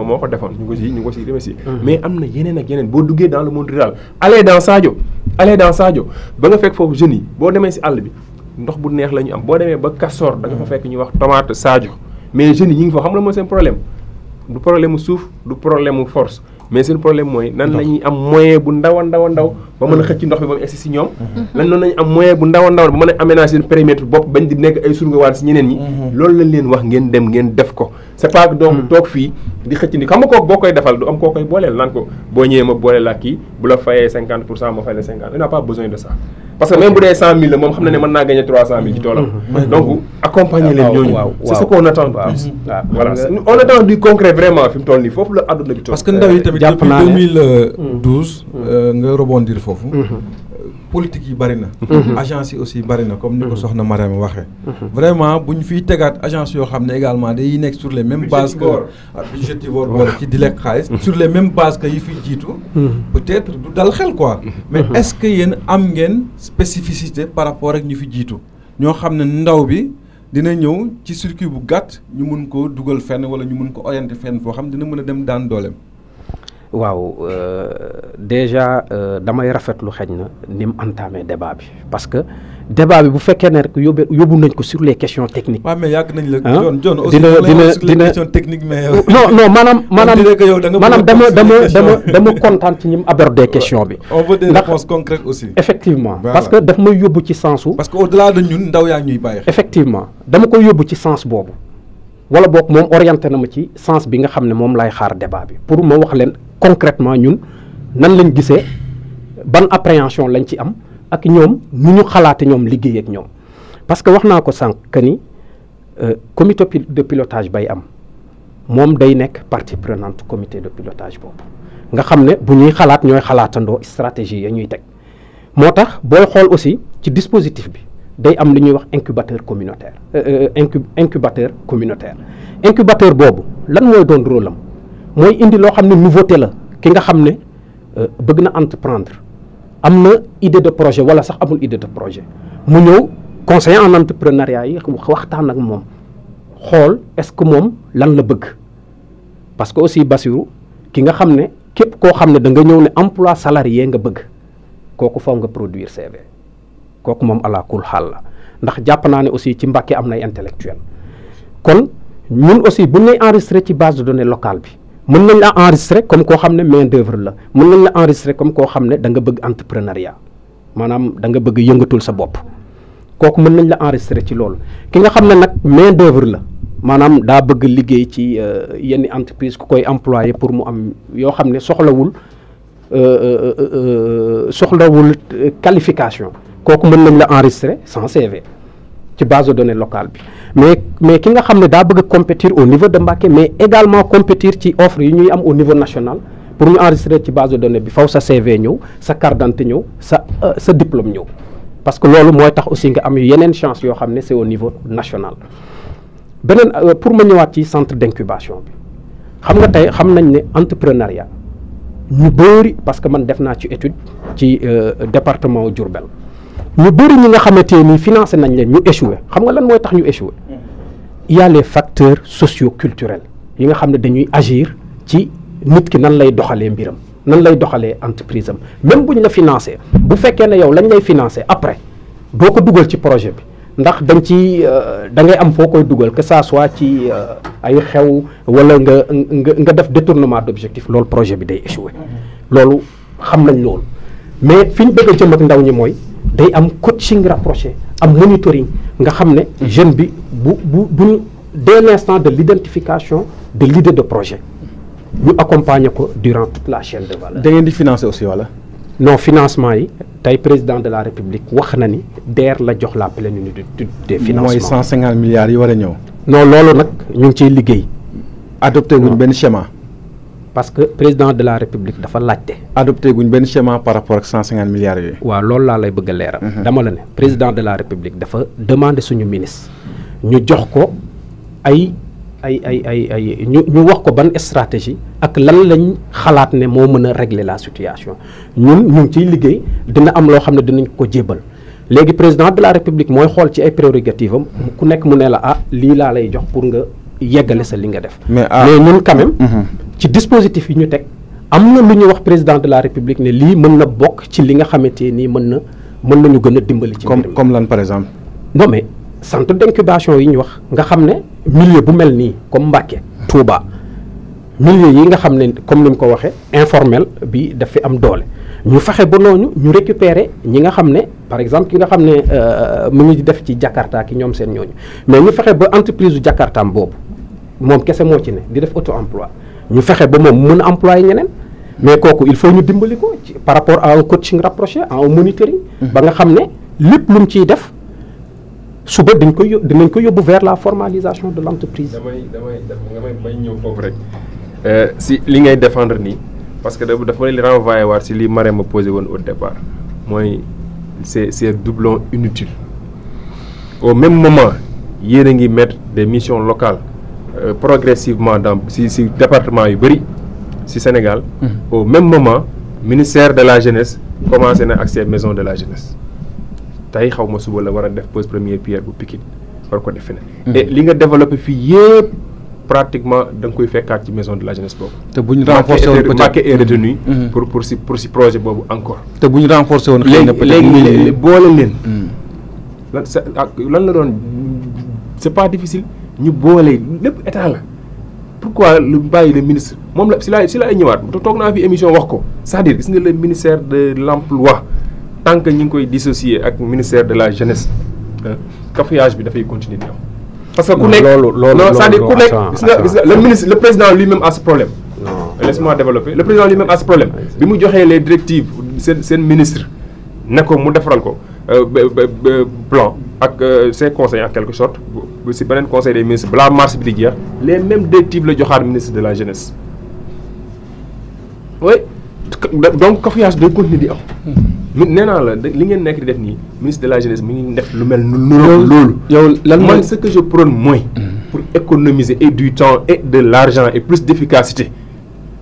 si ñu si hum. mais na ak dans le monde rural allez dans Sadio allez dans Sadio ba nga fekk si bi ndox bu neex la am ba da nga hum. fekk ñu wax tomate mais jeunes yi ñu ngi xam la problème du problème du problème force mais seen problème mooy nan la am moyen bu ndaw a ndaw a ndaw ba mën a mm. xëcc ndox bi ba mu egsi si ñoom mm-hmm. lan noonu lañu am moyen bu ndaw a ndaw ba mën a aménager seen périmètre bopp bañ di nekk ay surga waat si ñeneen ñi mm-hmm. loolu lañ leen wax ngeen dem ngeen def ko c'est pas donc hmm. toog fi di xam nga kooku defal du am koo koy booleel ko ma la pas besoin de ça parce que même bu dee cent mille xam na ne mën trois hmm. Hmm. donc accompagner les c'est ce qu'on attend voilà on attend du concret vraiment fi parce que euh, depuis 2012 euh, nga rebondir politique yi bëri na mhm. agence yi aussi bëri na comme ni ko mhm. soxna Mariam waxe mhm. vraiment buñ fi fiy agence yo xamné également day nek sur les mêmes bases que ah, budgétivore boole ci di lekk sur les mêmes bases que yi fi jitu peut-être du dal xel quoi mais est-ce que yéen am ngeen spécificité par rapport ak ñu fi jitu ño xamné ndaw bi dina ñëw ci circuit bu gatt ñu mun ko duggal fenn wala ñu mun ko orienter fenn foo xam dina mën a dem daan dooleem waaw euh, déjà euh, damay rafetlu xëy na ni entamé débat parce que débat bi bu sur les questions techniques. Madame mais hein? technique mais. Euh, non non madame madame madame dama dama dama dama ci question on veut des réponses concrètes aussi. effectivement parce que daf may ci sensu. parce au delà de ñun ndaw effectivement dama sens boobu. wala orienté na ma sens bi nga débat pour ma wax concrètement ñun nan lañ gissé ban appréhension lañ ci am ak ñom ñu ñu xalaate ñom liggéey ak ñom parce que waxna ko sank que ni euh, comité de pilotage bay am mom day nekk partie prenante comité de pilotage bob, nga xamné bu ñuy xalaat ñoy xalaatandoo stratégie ya ñuy tek motax tax xol aussi ci dispositif bi day am li ñuy wax incubateur communautaire euh, euh, incubateur communautaire incubateur bobu lan moy doon rôle am mooy indi loo xam ne nouveauté la ki nga xam ne euh, bëgg na entreprendre am na idée de projet wala sax amul idée de projet mu ñëw conseiller en entrepreneuriat yi waxtaan ak moom xool est-ce que moom lan la bëgg parce que aussi Bassirou ki nga xam ne képp koo xam ne da nga ñëw ne emploi salarié nga bëgg kooku faw nga produire CV kooku moom ala kul xaal la ndax jàpp naa ne aussi ci Mbàkke am nay intellectuel kon ñun aussi bu ñu lay ci base de données locale bi mën nañ la enregistrer comme koo xam ne main d'œuvre la mën nañ la enregistrer comme koo xam ne da nga bëgg entrepreneuriat maanaam danga bëgg yëngatul sa bopp kooku mën nañ la enregistrer ci loolu ki nga xam ne nag main d'œuvre la maanaam daa bëgg liggéey ci euh, yenn entreprise ku koy employé pour mu am yoo xam ne soxlawul euh, euh, soxlawul qualification kooku mën nañ la enregistrer sans CV. ci base de données locale mais mais ki nga xamné da bëgg compétir au niveau de Mbacké mais également compétir ci offre yi ñuy am au niveau national pour ñu enregistrer ci base de données bi faut sa CV ñëw sa carte d'identité ñëw sa euh, sa diplôme parce que lolu moy tax aussi nga am yenen chance yo ramener c'est au niveau national euh, pour ma ñëwaat ci centre d'incubation bi xam nga tay xam nañ né entrepreneuriat ñu bëri parce que man def naa ci étude ci euh, département Diourbel ñu bëri ñi nga xamante ni financé nañ leen ñu échoué xam nga lan mooy tax ñu échoué il mm-hmm. y a les facteurs socio-culturels yi nga xam ne dañuy agir ci nit ki nan lay doxalee mbiram nan lay doxalee entreprise am même buñ la financé bu fekkee ne yow lañ lay financé après doo ko dugal ci projet bi ndax dañ ci euh, da ngay am foo koy dugal que ça soit ci euh, ay xew wala nga nga nga def détournement d'objectif loolu projet bi day échoué mm-hmm. loolu xam nañ loolu mais fi ñu bëgg a jëm ndaw ñi mooy day am coaching rapproché am monitoring nga xamné mm-hmm. jeune bi bu bu dès l'instant de l'identification de l'idée de projet ñu accompagner ko durant toute la chaîne de valeur da ngeen di financer aussi wala non financement yi tay président de la république wax na ni DER la jox la plénitude de de financement moy milliards yi war a non lolu nak ñu ngi liggéey adopté wuñ schéma parce que président de la république dafa laajte. adopté une benn schéma par rapport ak 150 milliards yooyu. waaw la laa lay bëgg mhm. dama la président de la république dafa demandé suñu ministre. ñu jox ko ay ay ay ay aïe ñu ñu wax ko ban stratégie ak lan lañ xalaat ne moo mën régler la situation ñun nous ngi ciy liggéey dina am loo xam dinañ ko président de la république mooy xool ci ay prérogatives am ku nekk mu ne la ah lii laa lay jox pour nga yeggale sa li nga def. mais ah, ñun quand même. Mhm. ci dispositif yi ñu tek président de la république ne li mën na ci li nga mën na mën dimbali. comme comme par exemple. non mais centre d'incubation yi ñu wax nga milieu bu mel comme Mbacké Touba milieu yi nga comme lim ko informel bi daf fi am doole. ñu nous ba ñu récupérer ñi nga par exemple ki nga xamné euh mu def ci Jakarta ki mais ñu ba entreprise Jakarta Jakartaam mom kessé mo ci né di def auto emploi ñu fexé ba mom mën a employé ñenen mais koku il faut ñu dimbaliko par rapport à un coaching rapproché à un monitoring. Mmh. ba nga xamné lepp lu mu ciy def suba dañ koy yób dinañ ko yóbbu vers la formalisation de l'entreprise. damay damay damay may ñew foofu rek euh, si li ngay défendre ni parce que dafa lay renvoyer war si li maré ma poser woon au départ moy c'est c'est doublon inutile. au même moment yéen a ngi mettre des missions locales. Euh, progressivement dans si si département yu bari si Sénégal. Mhm. au même moment ministère de la jeunesse commencé na accès ses maisons de la jeunesse tay xawma ma suba la wara def pose première pierre bu pikit war ko def mhm. et li nga développé fi yépp pratiquement dang koy fekkaat ci maison de la jeunesse pour te buñu renforcer won peut-être et retenu mhm. pour pour si pour si projet bobu encore. te buñu renforcer won woon. peut-être lan la doon c'est pas difficile. ñu boole lépp état la pourquoi lu bàyyi le ministre moom la si laay si laay ñëwaat toog naa fi émission wax ko c'est-à-dire gis le ministère de l'emploi tant que ñu ngi koy dissocier ak ministère de la jeunesse cafouillage bi dafay continuer di am. parce que ku nekk loolu loolu cest à le ministre le président lui-même a ce problème. a ce bi mu joxee les directives seen seen ministre ne ko mu defaral ko euh, plan. ak euh, ses conseillers en quelque sorte si un conseil des ministres balaa mars bi les mêmes directives types ministre de la jeunesse oui donc confiance day continuer di am. Hmm. néna la li ngeen de la jeunesse mi def lu mel ce que je prône moins hmm. pour économiser et du temps et de l'argent et plus d'efficacité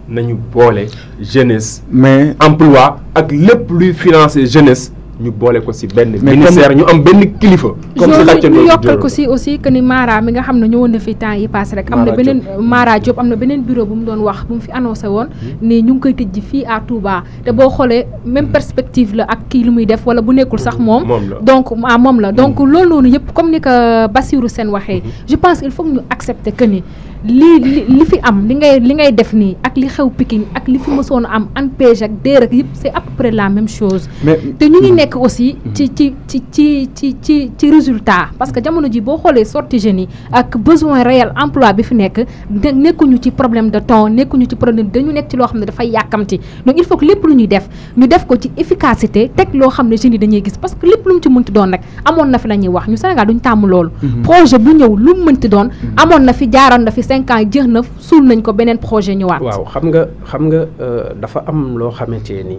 nañu bolé jeunesse. mais emploi ak lepp luy financer jeunesse ñu boole ko si benn ministère ñu am benn kilifa comme si laajte ñu yokkal ko si aussi que ni Mara mi nga xam ne ñëwoon na fi temps yi passé rek am na Mara job am na bureau bu mu doon wax bu mu fi annoncé woon hmm. ni ñu ngi koy tëjji fii à Touba te boo xoolee même hmm. perspective la ak kii li muy def wala bu nekkul sax moom hmm. donc ah mom la donc loolu noonu yëpp comme ni ko Bassirou Sène waxee je pense il faut que ñu accepter que ni li li fi am li ngay li ngay def nii ak li xew picking ak li fi mësoon am ANPEJ ak DER ak yëpp c'est à peu près la même chose. te ñu ngi mm-hmm. nekk aussi ci mm-hmm. ci ci ci ci ci ci résultat parce que jamono ji boo xoolee sortie jeunes yi ak besoin réel emploi bi fi nekk nekkuñu ci problème de temps nekkuñu ci problème dañu nekk ci loo xam ne dafay yàkkamti donc il faut que lépp lu ñuy def ñu def ko ci efficacité teg loo xam ne jeunes yi dañuy gis parce que lépp lu mu ci mënti doon rek amoon na fi la ñuy wax ñu Sénégal duñ tàmm loolu. Mm-hmm. projet bu ñëw lu mu mënti doon amoon na fi jaaroon na fi cinq ans jeex nañ ko beneen projet ñëwaat. waaw xam nga xam nga euh, dafa am loo xamante ni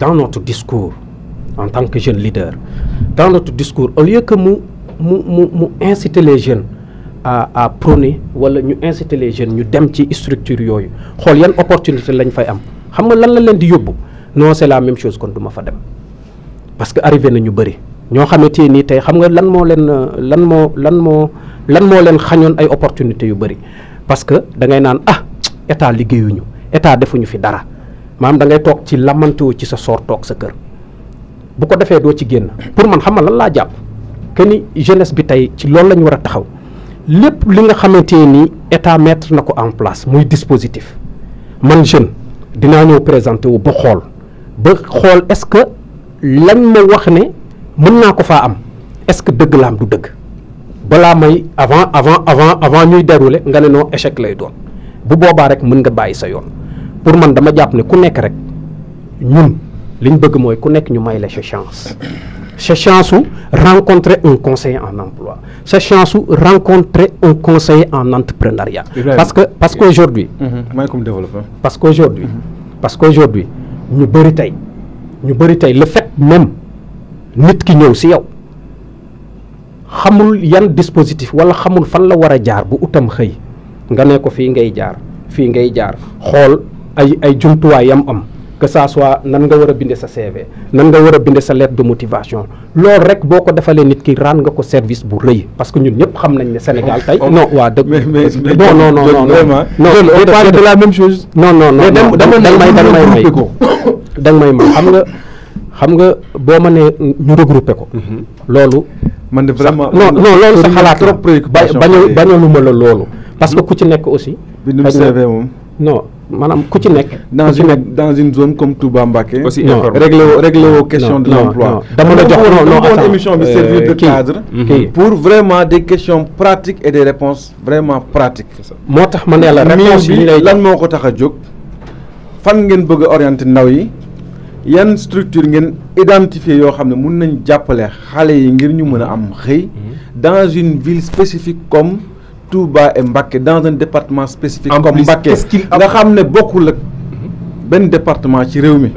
dans notre discours en tant que jeune leader dans notre discours au lieu que mu mu mu mu inciter les jeunes. à à prôner wala ñu inciter les jeunes ñu dem ci structure yooyu xool yan opportunité lañ fay am xam nga lan la leen di yóbbu non c'est la même chose kon du ma fa dem parce que arrivé na ñu bëri ñoo xamante nii tey xam nga lan moo leen lan moo lan moo. lan mo len xagnon ay opportunité yu bari parce que da ngay nan ah état liggéeyuñu état defuñu fi dara manam da ngay tok ci lamantewu ci sa sort tok sa kër bu ko defee do ci génn pour man xamal lan la japp que ni jeunesse bi tay ci loolu lañu wara taxaw lepp li nga xamanté ni état mettre nako en place muy dispositif man jeune dina ñëw présenter wu ba xol ba xol est ce que lañ ma wax né mën na ko fa am est ce que la am du deug balaa may avant avant avant avant ñuy déroulé nga ne noo échec lay doon bu boba rek mën nga bàyyi sa yoon pour man dama japp né ku nekk rek ñun liñ bëgg mooy ku nekk ñu may la sa chance sa chance rencontrer un conseiller en emploi sa chance rencontrer un conseiller en entrepreneuriat. parce que parce que aujourd'hui mhm. comme développeur. parce que aujourd'hui mhm. parce que aujourd'hui ñu bëri tay ñu bëri tay le fait même nit ki ñëw si yow. xamul yan dispositif wala xamul fan la war a jaar bu utam xëy nga ne ko fii ngay jaar fii ngay jaar xool ay ay jumtuwaay yam am que ça soit nan nga war a binde sa CV nan nga war a binde sa lettre de motivation loolu rek boo ko defalee nit ki rendre nga ko service bu rëy parce que ñun ñëpp xam nañ ne Sénégal tey. Oh, non waa dëgg. mais mais vraiment. non on la même chose. non non non non danga may danga may may danga may may xam nga. xam nga boo mënee ñu regroupé ko. Mhm. loolu. man de vraiment non non loolu sa xalaat la bañu bañoonu ma la loolu. parce que hmm? ku ci nekk aussi. bi bindum CV moom. non maanaam ku ci nekk. dans une dans une zone comme Touba Mbacké. aussi informé réglé woo réglé woo question de l'emploi. dama la jox non non attends émission bi servir euh, de cadre. Mhm. pour vraiment des questions pratiques et des réponses vraiment pratiques. moo tax ma ne la réponse yi lan moo ko tax a jóg fan ngeen bëgg a orienter ndaw yi yan structure ngeen identifier yo xam mën nañ jappalé xalé yi ngir ñu mëna am xëy mhm. dans une ville spécifique comme Touba et Mbacké dans un département spécifique comme Mbacké nga xam bokul bokkul ak mhm. benn département ci réew mi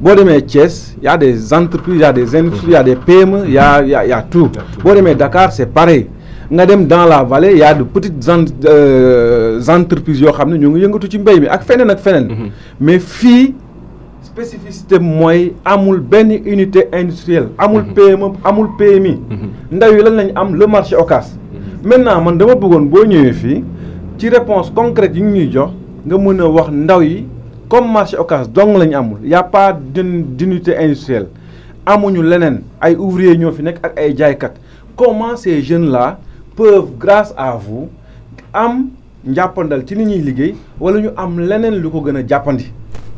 bo démé Thiès y a des entreprises il y a des industries y a des PME y a y a y a tout bo démé Dakar c'est pareil nga dem dans la vallée il y a de petites euh, entreprises yo xam ñu ngi yëngatu ci mbéy mi ak feneen ak feneen mhm. mais fi spécificité moye, amul ben unité industrielle amul mhm. PME amul PMI mhm. ndaw yi lan lañ am le marché occas mhm. maintenant man dama bëggone bo ñëwé fi ci réponse concrète yi ñuy jox nga mëna wax ndaw yi comme marché occas dong lañ amul y a pas d'unité industrielle amuñu lenen ay ouvriers ñoo fi nekk ak ay jaaykat comment ces jeunes là peuvent grâce à vous am njàppandal ci li ñuy liggéey wala ñu am lenen lu ko gën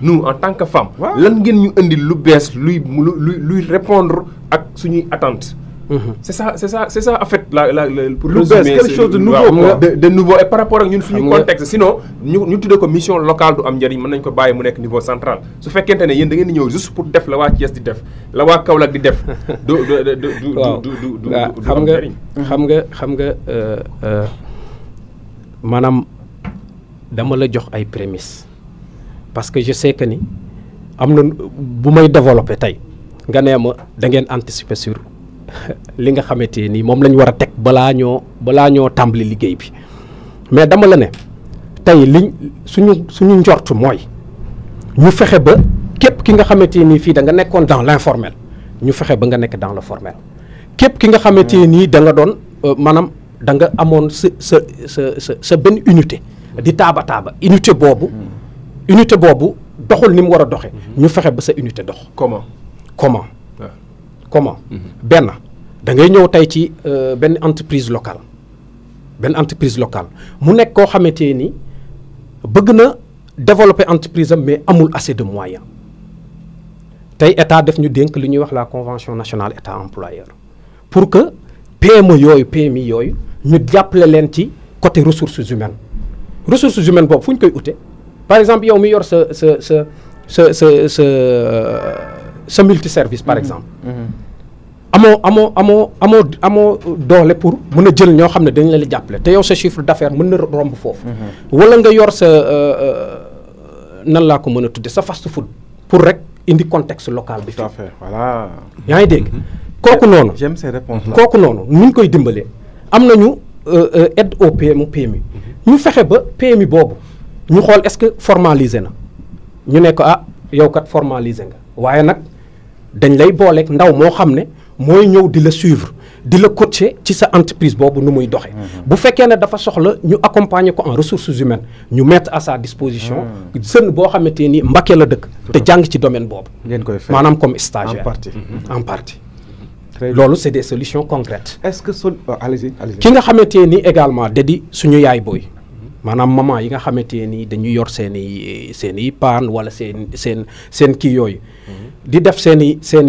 nous en tant que femmes, lan ngeen ñu indi lu bess répondre ak suñuy attente mhm. c'est ça c'est ça c'est ça en fait la pour quelque chose de nouveau de nouveau et par rapport à ñun suñu contexte sinon nous, ñu une ko mission locale du am ko mu niveau central su fekkente da ngeen ñëw juste pour def la waa qui est def la waa Kaolack di def [LAUGHS] du du xam nga xam nga euh, euh, dama la prémices parce que je sais que ni am na bu may développer tey nga nee ma da ngeen anticiper sur [LAUGHS] li nga xamante nii moom la ñu war a teg balaa ñoo balaa ñoo tàmbali liggéey bi mais dama la ne tey liñ suñu suñu njort mooy ñu fexe ba képp ki nga xamante ni fii da nga nekkoon dans l'informel ñu fexe ba nga nekk dans le formel képp ki nga xamante nii da nga doon euh, maanaam da nga amoon sa sa sa sa sa benn unité di taaba taaba unité boobu. Hmm. unité bobu doxul nim wara doxé mhm. ñu fexé ba sa unité dox comment comment comment ben da ngay ñew tay ci ben entreprise locale ben entreprise locale mu nekk koo xamante ni bëgg na développer entreprise mais amul assez de moyens tay état def ñu dénk li ñuy wax la convention nationale état employeur pour que PME yooyu PMI yooyu ñu jàppale len ci côté ressources humaines ressources humaines boobu fuñ koy outé par exemple yow mi ce, ce, ce ce ce ce ce multiservice par mm-hmm. exemple mm-hmm. amo amo amo amo amo doole pour mën a jël ñoo xam ne dañ la la jàppale te yow sa chiffre d'affaires mën na romb foofu mm-hmm. wala nga yor sa euh, euh, nan laa ko mën a tudde sa fast food pour rek indi contexte local bi tout à fait voilà yaa ngi dégg kooku noonu j'aime ces réponses là kooku noonu nuñ koy dimbalee am nañu euh, aide au PME PMI ñu fexe ba PMI boobu ñu xool est-ce que formalisé na ñu ne ko ah yow kat formalisé nga waaye nag dañ lay booleeg ndaw moo xam ne mooy ñëw di la suivre di la coacher ci sa entreprise boobu nu muy doxee. Mm-hmm. bu fekkee ne dafa soxla ñu accompagner ko en ressources humaines ñu mettre à sa disposition. Mm. jeune boo xamante ni Mbacké la dëkk. te jàng ci domaine boobu. ngeen koy fay maanaam comme stagiaire en partie mm-hmm. en partie. loolu c'est des solutions concrètes. est-ce que sol oh, allez-y allez-y ki nga xamante ni également da suñu yaay booy manam mama yi nga xamante ni dañu yor seen i seen wala seen seen seen ki yoy mhm. di def seen euh, i seen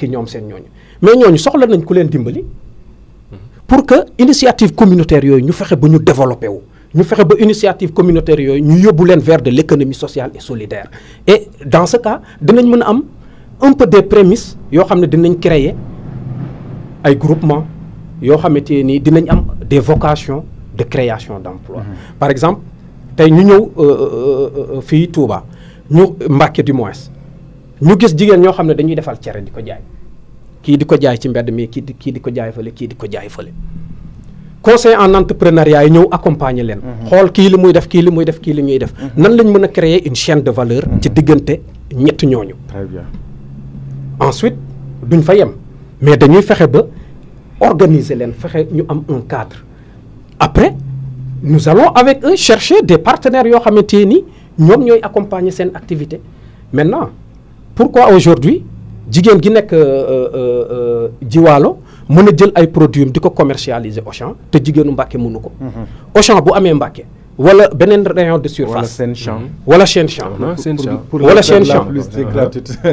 ki ñom seen ñooñu mais ñooñu soxla nañ ku leen dimbali. Mhm. pour que initiative communautaire yoy ñu fexé bu ñu développer wu. ñu fexé ba initiative communautaire yoy ñu yóbbu vers de l'économie sociale et solidaire et dans ce cas dinañ mën a am un peu des prémices yo xamné dinañ créer ay groupement yo ni dinañ am des vocations de création d'emplois. Mhm. Par exemple, tay ñu ñëw euh, euh, euh, fii Touba ñu du moins ñu gis jigéen ñoo xam dañuy di ko jaay kii di jaay ci mbedd mi kii di conseil en entrepreneuriat yi ñëw accompagner leen. Mhm. xool li muy def kii li muy def kii li def. Mhm. nan lañ créer une chaîne de valeur. ci diggante ñett ñooñu. très bien ensuite duñ fa mais dañuy fexe ba organiser leen fexe am un cadre après nous allons avec eux chercher des partenaires yoo xamante ni ñoom ñooy accompagner activité maintenant pourquoi aujourd'hui Jigen gi nekk euh, euh, euh, jiwaalo mën a jël ay produits am di ko commercialiser te jigéenu Mbàkke mënu ko mhm. champ, bu amee Mbàkke wala benen rayon de surface wala seen champ mhm. wala seen champ wala seen champ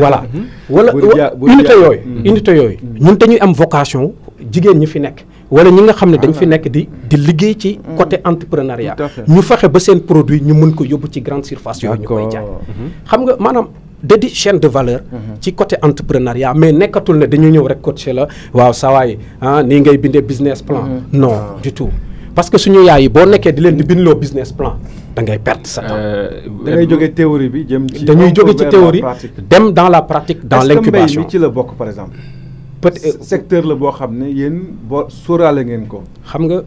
voilà [LAUGHS] wala mhm. unité yooyu unité yooyu ñun dañuy am vocation Jigen ñi fi nekk wala ñi nga xam ne dañ fi nekk di di liggéey ci mm. côté entrepreneuriat ñu fexe ba seen produit ñu mën ko yóbbu ci grande surface yooyu ñu koy jaay mm-hmm. xam nga maanaam da chaîne de valeur mm-hmm. ci côté entrepreneuriat mais nekkatul ne dañu ñëw rek coaché la waaw sawaay ah nii ngay bindee business plan mm-hmm. non ah. du tout parce que suñu yaay yi boo nekkee di leen di bindloo business plan da ngay perte sa temps. Euh, da ngay jóge théorie bi jëm ci dañuy jóge ci théorie dem dans la pratique dans l'incubation est-ce que ci la bokk par exemple secteur la boo xam ne yéen boo suuraale ngeen ko. xam nga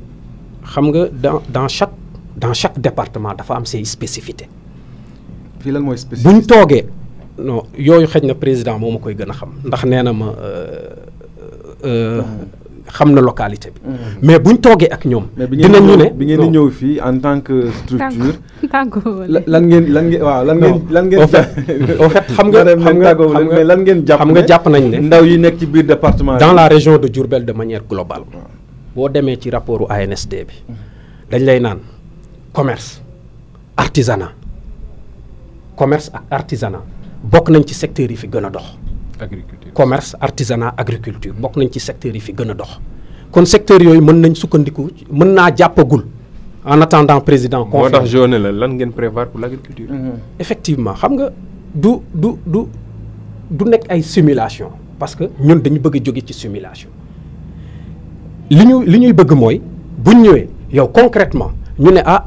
xam nga dans dans chaque dans chaque département dafa am say spécificité. fii lan mooy spécificité bu ñu toogee. non yooyu xëj na président moom ma koy gën a xam ndax nee na ma. Euh, euh, euh, xam na localité bi. Mm. mais buñ toogee ak ñoom. dinañ ñu ne bi ngeen di ñëw fii en tant que structure. lan ngeen lan ngeen waaw lan ngeen. lan ngeen au fait xam nga [LAUGHS] xam nga mais lan ngeen jàpp xam nga jàpp nañ ne. ndaw yi nekk ci biir département dans la région de Diourbel de manière globale. boo demee ci rapportu ANSD bi. Mm. dañ lay naan commerce artisanat commerce ak artisanat bokk nañ ci secteur yi fi gën a dox agriculture commerce artisanat agriculture bokk nañ ci secteurs yi fi gën a dox. kon secteurs yooyu mën nañ sukkandiku mën naa jàppagul en attendant président. conférence moo tax journée la lan ngeen prévoir pour l' agriculture. Mm-hmm. effectivement xam nga du du du du nek ay simulation parce que ñun dañu bëgg a jóge ci simulation. li ñu li ñuy bëgg mooy bu ñu yow concrètement ñu ne ah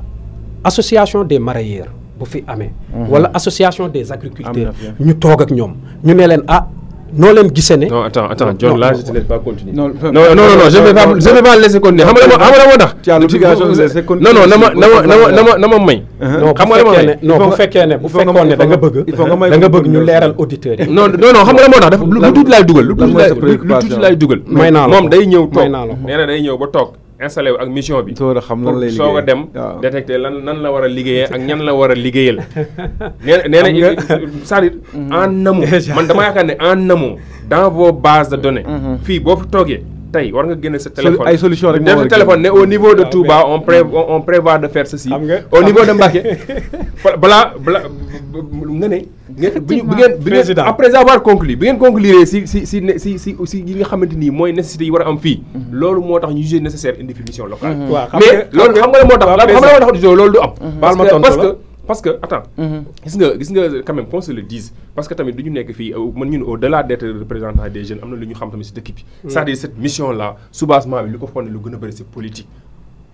association des maraîchers bu fi amee. Mm-hmm. wala association des agriculteurs. ñu toog ak ñoom ñu ne leen ah. noo leen gisee ne. non attends attends John là je te continuer. non non na ma na ma na ma na ma may. Uh-huh. non bu fekkee ne bu fekkoon ne da nga bëgg. da nga bëgg ñu leeral auditeurs yi. non non non xam nga dama tax dafa lu tuuti laay dugal. lu tuuti laay dugal may naa moom day ñëw toog nee na day ñëw ba toog. installé wu ak mission bi. soog a xam lan lay liggéey a dem. détecté lan nan la war a liggéeyee ak ñan la war a liggéeyal. [LAUGHS] nee na nee na cest à man dama yaakaar ne en amont dans vos bases de données. Mhm. fii boo fi toogee. tey war nga génne sa téléphone ay solution rek def téléphone ne au niveau de ah, Touba on pré on prévoit de faire ceci au niveau de Mbacké [LAUGHS] bla bla nga ne bu ngeen bu ngeen après avoir conclu bu ngeen conclure si si si si si si yi nga xamante nii mooy nécessité yi war a am fii mhm. loolu moo tax ñu jugé nécessaire une mission locale mhm. mais loolu xam nga ne moo tax xam nga moo tax loolu du am mhm. parce que parce que attends mm-hmm. gis nga gis nga quand même qu'on se le dise parce que tamit duñu nekk fi euh, man ñun au delà d'être représentant des jeunes on sait lu ñu xam tamit ci dëkk bi mm. dire cette mission là sous bi lu ko fonne lu gëna bëri c'est politique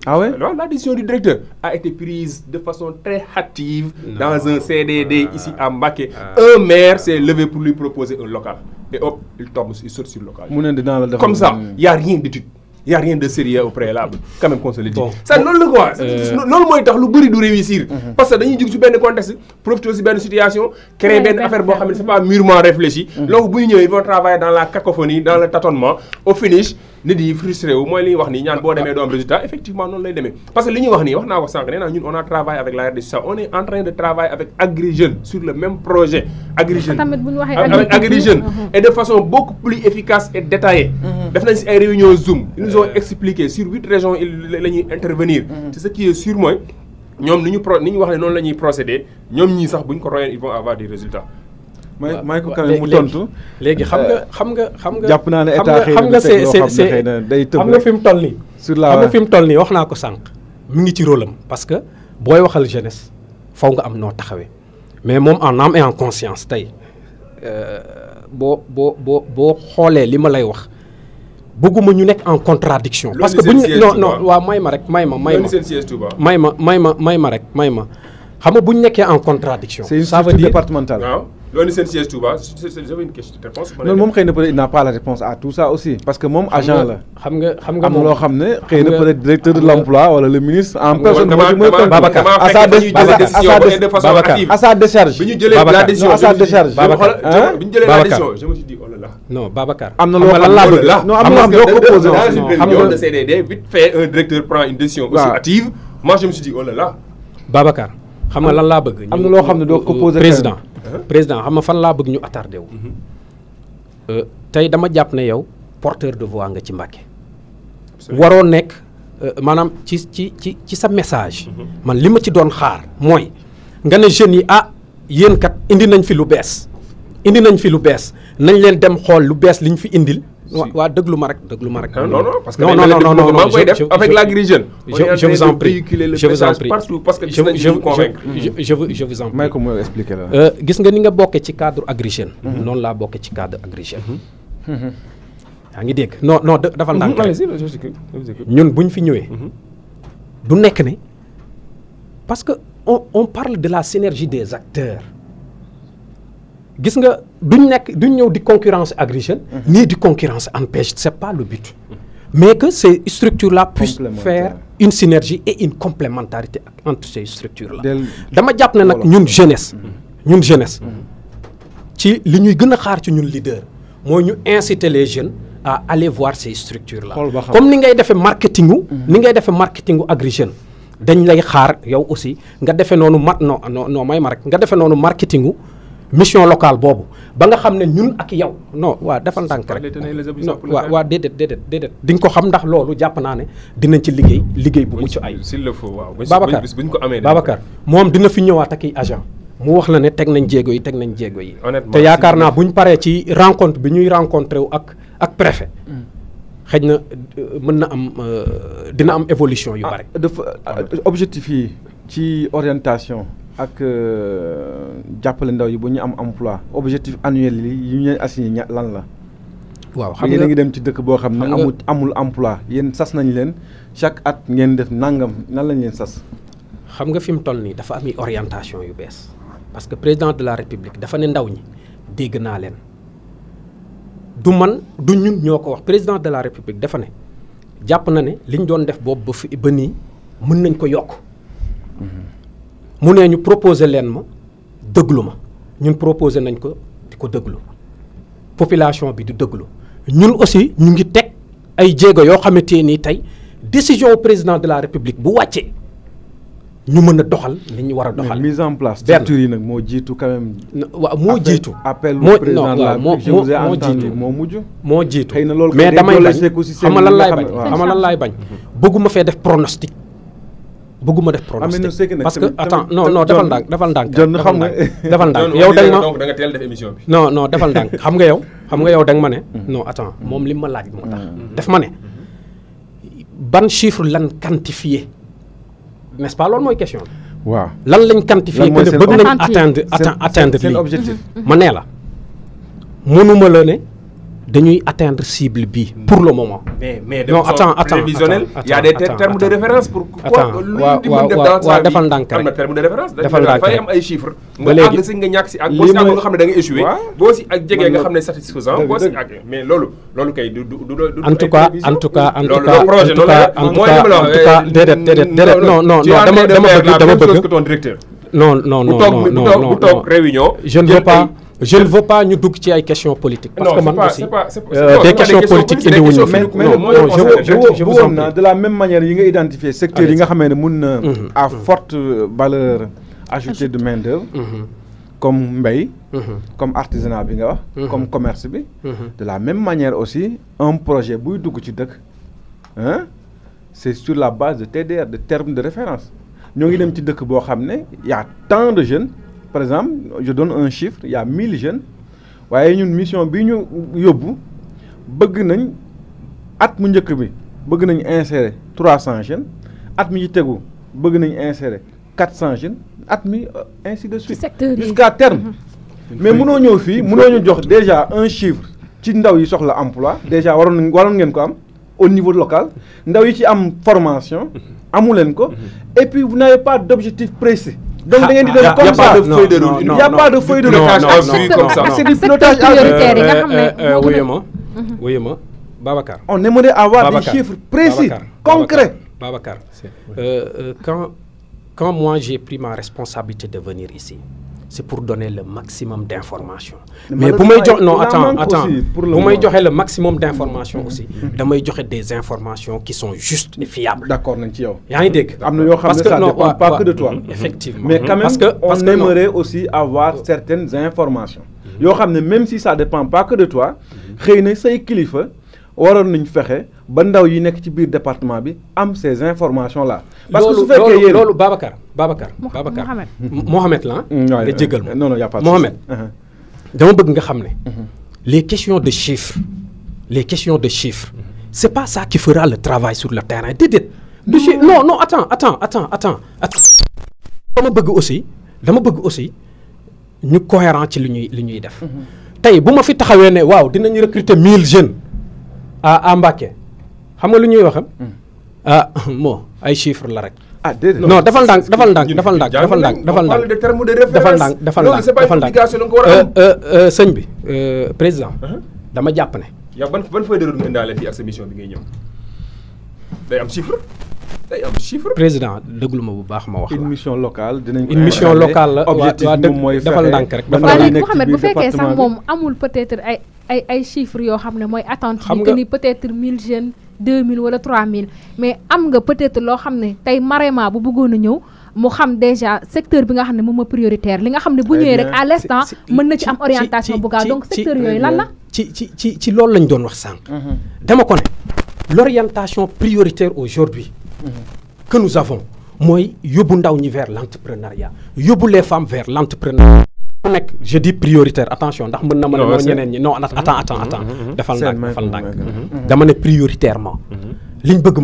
Ah ouais Alors, La décision du directeur a été prise de façon très hâtive dans un CDD ah. ici à Mbaké. Ah. Un maire s'est levé pour lui proposer un local. Et hop, il tombe, il saute sur le local. Comme ça, il mm. n'y a rien tout. Il y a rien de sérieux au préalable quand même qu'on se le dit ça non le quoi euh. loolu mooy tax lu bëri du réussir mhm. parce que dañuy une ci benn contexte profiter aussi situation créer une affaire ce n'est c'est pas mûrement réfléchi mhm. là où ils vont travailler dans la cacophonie dans le tâtonnement au finish nit yi frustré wu mooy li ñuy wax nii ñaan boo demee doo am résultat effectivement noonu lay demee parce que li ñuy wax nii wax naa ko sànq ñun on a travaillé avec la RDC on est en train de travailler avec Agri sur le même projet Agri et de façon beaucoup plus efficace et détaillée mm-hmm. def nañ si ay réunion Zoom ils nous ont euh. expliqué sur huit régions la ñuy intervenir mm-hmm. c'est ce qui est sûr mooy ñoom ni ñu pro ni ñu noonu la procéder ñoom ñii sax buñ ko ils vont avoir des résultats may may ko kawe mu tontu léegi xam nga euh, xam nga xam nga jàpp naa ne état xam nga c'est c'est day tëb xam nga fi mu toll nii sur la xam nga fi mu toll nii wax naa ko sànq mi ngi ci rôle parce que booy waxal jeunesse faw nga am noo taxawee mais moom en âme et en conscience tey euh, boo boo boo boo xoolee li ma lay wax bëgguma ñu nekk en contradiction parce que buñu non non waaw may ma rek may ma may ma may ma may ma may ma rek may ma xam nga bu ñu nekkee en contradiction ça veut dire départemental waaw loolu seen siège Touba j'avais une question réponse. non moom xëy na peut n'a pas la réponse à tout ça aussi. parce que moom agent là. xam nga xam nga moom am loo xam ne. xëy peut-être directeur de l'emploi wala le ministre. en personne moo ci mën a Babacar à sa décharge. bi à sa décharge. décision hein? bi la décision je me suis dit oh là là. non Babacar. am la loo la. non am na loo ko posé nga de CDD vite fait un directeur prend une décision aussi active. moi je me suis dit oh là là. Babacar xam nga lan laa bëgg. am na loo xam ne doo président président xam nga fan laa bëgg ñu attardé wu. Mhm. Euh, tey dama jàpp ne yow porteur de voix nga ci Mbàkke. waroo nekk euh, maanaam ci ci ci ci sa message. Mhm. man li ma ci doon xaar mooy nga ne jeunes yi ah yéen kat indi nañ fi lu bees. indi nañ fi lu bees nañ leen dem xool lu bees ñu fi indil. waa déglu ma rek déglu hein? non non parce que non non non maa ngi koy def avec la Jeunes. je je vous en prie je vous en prie partout parce que je, je, ñu convaincre. je je vous en prie may ko mu expliquer la. Euh, gis nga ni nga bokkee ci cadre Agri mhm. Non la laa ci cadre Agri Jeunes. Mhm. Mhm. yaa ngi dégg non non dafa ndànk ñun buñ fi ñëwé. du nekk né parce que on on parle de la synergie des acteurs gis nga duñ nek duñ ñëw di concurrence agricole mhm. ni di concurrence pêche c'est pas le but mais que ces structures là puissent faire une synergie et une complémentarité entre ces structures là dama japp ne nak ñun jeunesse mhm. ñun jeunesse mhm. ci li ñuy gëna xaar ci ñun leader mooy ñu inciter les jeunes à aller voir ces structures là comme ni ngay défé marketing ni ngay défé marketing agricole dañ lay xaar yow aussi nga défé nonu mat noo noo may ma rek nga défé nonu marketing mission locale bob. ba nga ñun ak non wa defal rek non Wa dedet dedet ko xam ndax ne dinañ ci liggéey liggéey bu ay Babacar mom dina fi ñëwaat ak agent mu wax la ne tek nañ yi tek nañ yi te rencontre bi ak ak préfet hmm. xejna euh, euh, dina am évolution yu ah, ah, objectif orientation ak euh, jàppale ndaw yi bu ñu am emploi objectif annuel yi ñu leen assigné lan la. waaw xam nga yéen ngi dem ci dëkk boo xam nga amul amul emploi yéen sas nañ leen chaque at ngeen def nangam nan lañ leen sas. xam nga fi mu toll nii dafa am orientation yu bees parce que président de la république dafa ne ndaw ñi dégg naa leen du man du ñun ñoo ko wax président de la république dafa ne jàpp na ne li ñu doon def boobu ba fi ba nii mën nañ ko yokk. Mm-hmm. mu proposons ñu proposé leen ma ñun population bi di nous aussi ñu ngi teg ay jéego yoo ni tey décision président de la république bu wàccee ñu mën a doxal li ñu mise en place structure yi nag moo quand même. appel au président la moo jiitu moo mujj. moo jiitu mais damay bañ xam nga lan lay bañ xam nga lan lay bañ bëgguma bëgguma def pronostic parce que attends non non defal ndànk defal ndànk xam nga [LAUGHS] defal ndànk yow da nga ma teel def émission bi non defal ndànk xam nga yow xam nga yow da nga ma ne hmm. non attends moom li ma laaj moo tax hmm. def ma ne ban chiffre lan quantifié n'est-ce pas loolu mooy question bi waaw lan lañ quantifié que ne bëgg nañ atteindre atteindre lii ma nee la mënuma la ne nous atteindre cible bi pour le moment. mais mais attends attends il y a des termes de référence pour. attends de référence. Il chiffres. mais en tout cas en tout cas en tout cas en euh, tout mm, non je ne veux pas nous dugg ci des questions politiques. parce que man aussi des questions politiques indi mais Non, je veux prie. de la même manière yi nga identifier secteur qui nga une mm-hmm. à mm-hmm. forte valeur ajoutée de main d'œuvre. Mm-hmm. comme mbay. comme artisanat comme commerce de la même manière aussi un projet buy dugg ci hein, c'est sur la base de TDR de termes de référence Nous, ngi dem ci dëkk boo Il y a tant de jeunes par exemple je donne un chiffre il y a 1000 jeunes vous ñun mission bi ñu bëgg nañ at insérer jeunes at mi ci insérer 400 jeunes euh, ainsi de suite jusqu'à terme mhm. mais nous ñëw déjà un chiffre ci ndaw yi l'emploi, déjà au niveau local nous avons une formation mhm. mhm. et puis vous n'avez pas d'objectif précis donc, il n'y a pas de feuille de route. Il n'y a pas de feuille de route. C'est du pilotage prioritaire. Oui, euh, euh, euh, moi. Mhm. Babacar. On aimerait avoir des chiffres précis, concrets. Babacar, quand moi j'ai pris ma responsabilité de venir ici, c'est pour donner le maximum d'informations. Mais pour moi, non, attends, attends. le maximum d'informations mm-hmm. aussi. Damay joxe des informations qui sont justes et fiables. D'accord, nañ ci yow. a un dégg. Amna yo xamné dépend pas que de toi. Effectivement. Mais quand même parce que on aimerait aussi avoir certaines informations. Yo même si ça ne dépend pas que de toi, xeyna say kilifa waron nañ fexé Bandeau ndaw yi nekk ci département bi am ces informations là. parce que su fekkee yéen loolu Babacar Babacar. Babacar Mohamed la mm, nga jégal non non y' a pas Mohamed uh-huh. dama bëgg nga xam mm-hmm. les questions de chiffres les questions de chiffres C'est pas ça qui fera le travail sur le terrain déedéet. dit? non non attends attends attends attends attends dama bëgg aussi dama bëgg aussi ñu cohérent ci li ñuy li ñuy def. Mm-hmm. tey bu ma fi taxawee ne waaw dinañu recruter 1000 jeunes à Ambaké, xam nga lu ñuy wax hmm. ah moo [LAUGHS] ay chiffres la rek. ah déedéet non dafal ndànk dafal ndànk dafal ndànk dafal ndànk dafal ndànk dafal ndànk dafal ndànk sëñ bi euh, président. Uh-huh. dama jàpp ne. yow ban ban feuille de route nga ngay ñëw day day am chiffre. président déglu ma bu baax ma wax une mission locale dinañ ko. une mission locale la waa mooy defal dank rek. dafa nekk nek bu fekkee sax moom amul peut-être ay ay ay chiffres yoo xam ne mooy attente. ni peut-être 1000 jeunes 2000 wala 3000. mais am nga peut-être loo xam ne tey marainement bu bëggoon a ñëw. mu xam déjà secteur bi nga xam ne moom ma prioritaire li nga xam ne bu ñëwee rek à l'instant mën na ci am orientation bu gaaw donc secteur yooyu lan la. ci ci ci ci loolu lañ doon wax sànq. Mhm. dama ko ne l'orientation prioritaire aujourd'hui que nous avons moi de vers l'entrepreneuriat les femmes vers l'entrepreneuriat je dis prioritaire attention ndax non non mm-hmm. attends attends attends mm-hmm. defal defal mm-hmm. dama prioritairement liñ bëgg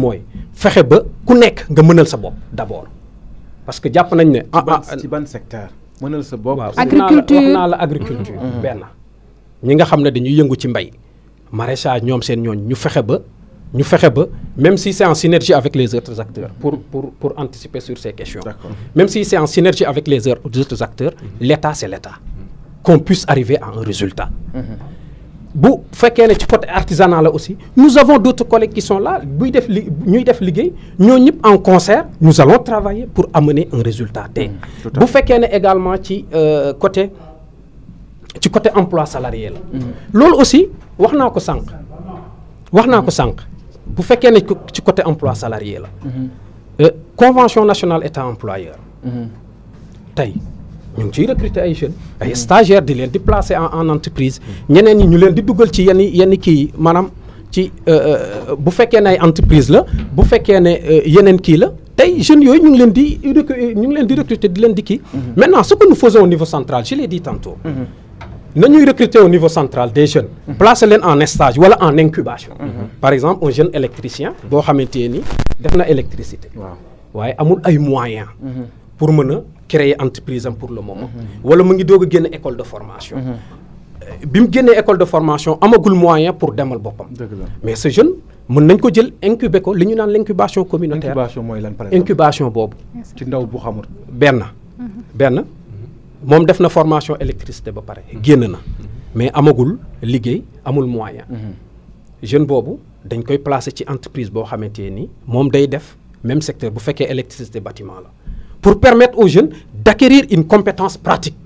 je ba ku nga mënal sa parce que nous nañ ci ah, ah, secteur mënal agriculture nous sommes la agriculture maraîchage nous faisons, même si c'est en synergie avec les autres acteurs pour pour pour anticiper sur ces questions même si c'est en synergie avec les autres acteurs l'État c'est l'État qu'on puisse arriver à un résultat bu y ne ci côté artisanal aussi nous avons d'autres collègues qui sont là Nous def en concert nous allons travailler pour amener un résultat Si mm, bu y ne également ci euh, côté Du côté emploi salarié mm. L'ol aussi wax naa bu fekkee ne ci côté emploi salarié la. Mhm. Euh, convention nationale état employeur. Mhm. tey ñu ngi recruter jeunes. Mhm. ay stagiaires di leen di placer en entreprise. ñeneen ñi ñu que di dugal ci yenn yenn kii maanaam ci euh, euh, bu fekkee ne ay entreprise la bu fekkee ne yeneen kii la. tey jeunes yooyu ñu ngi leen di ñu ngi leen di recruter di leen di kii. maintenant ce que nous faisons au niveau central je l'ai dit tantôt nous recruter au niveau central des jeunes mhm. placer les en stage ou en incubation mhm. par exemple un jeune électricien il a ni def na électricité waaye a ay moyens mhm. pour créer créer entreprise pour le moment wala mu ngi d'une école de formation euh, Bim mu d'une école de formation amagul moyen pour démal bopam. mais ce jeune mën nañ ko jël incuber ko li ñu incubation communautaire incubation mooy lan par exemple incubation boobu ci ndaw bu mom def na formation électricité ba pare génn na mais amagul liggéey amul moyen mhm. jeune boobu dañ koy placer ci entreprise boo xamante ni moom day def même secteur bu fekkee électricité bâtiment la pour permettre aux jeunes d'acquérir une compétence pratique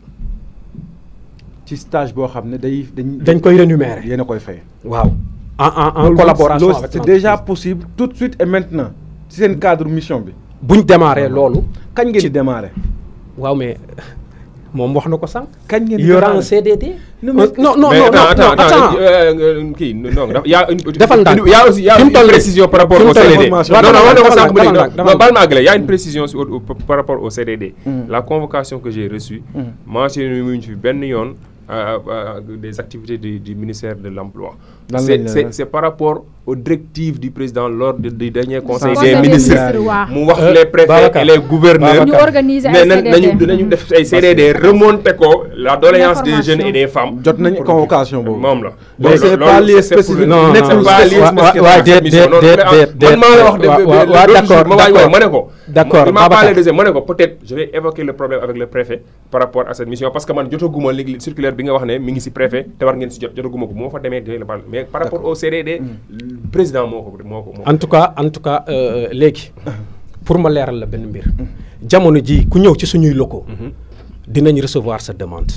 ci stage boo xam ne day dañ koy rémunérer yéen a koy fay waaw en en collaboration avec c'est déjà possible tout de suite et maintenant ci seen cadre mission bi buñ démarrer loolu kañ ngeen di démarrer waaw mais moom wax na ko sànq. kañ ngeen CDD. non non non non attends attends euh, euh, kii non y'a une. defal y y'a aussi y'a une précision par rapport au CDD. non non wax na ko sànq ba léegi non baal ma àggale y'a une précision par rapport au CDD. Mm. la convocation que j'ai reçue. Mm. mentionné wuñ fi benn yoon euh, des activités du du ministère de l'emploi c'est par rapport aux directives du président lors du, du dernier conseil des ministres mu wax les préfets et les gouverneurs mais nañu dinañu def ay CDD remonté ko la doléance des jeunes et des femmes jot nañu convocation boobu moom la mais c'est pas lié spécifiquement. non non pas lié spécifique man maa d'accord ma waay ko d'accord ma parlé deuxième ma ne ko peut-être je vais évoquer le problème avec le préfet par rapport à cette mission parce que man jotaguma léegi circulaire bi nga wax ne mi ngi si préfet te war ngeen si jot jotaguma ko bu ma fa demee mais par rapport au CDD président moo ko moo en tout cas en tout cas euh, léegi pour me leeral la ben mbir jamono ji ku ñew ci suñuy locaux mhm. dinañ recevoir sa demande.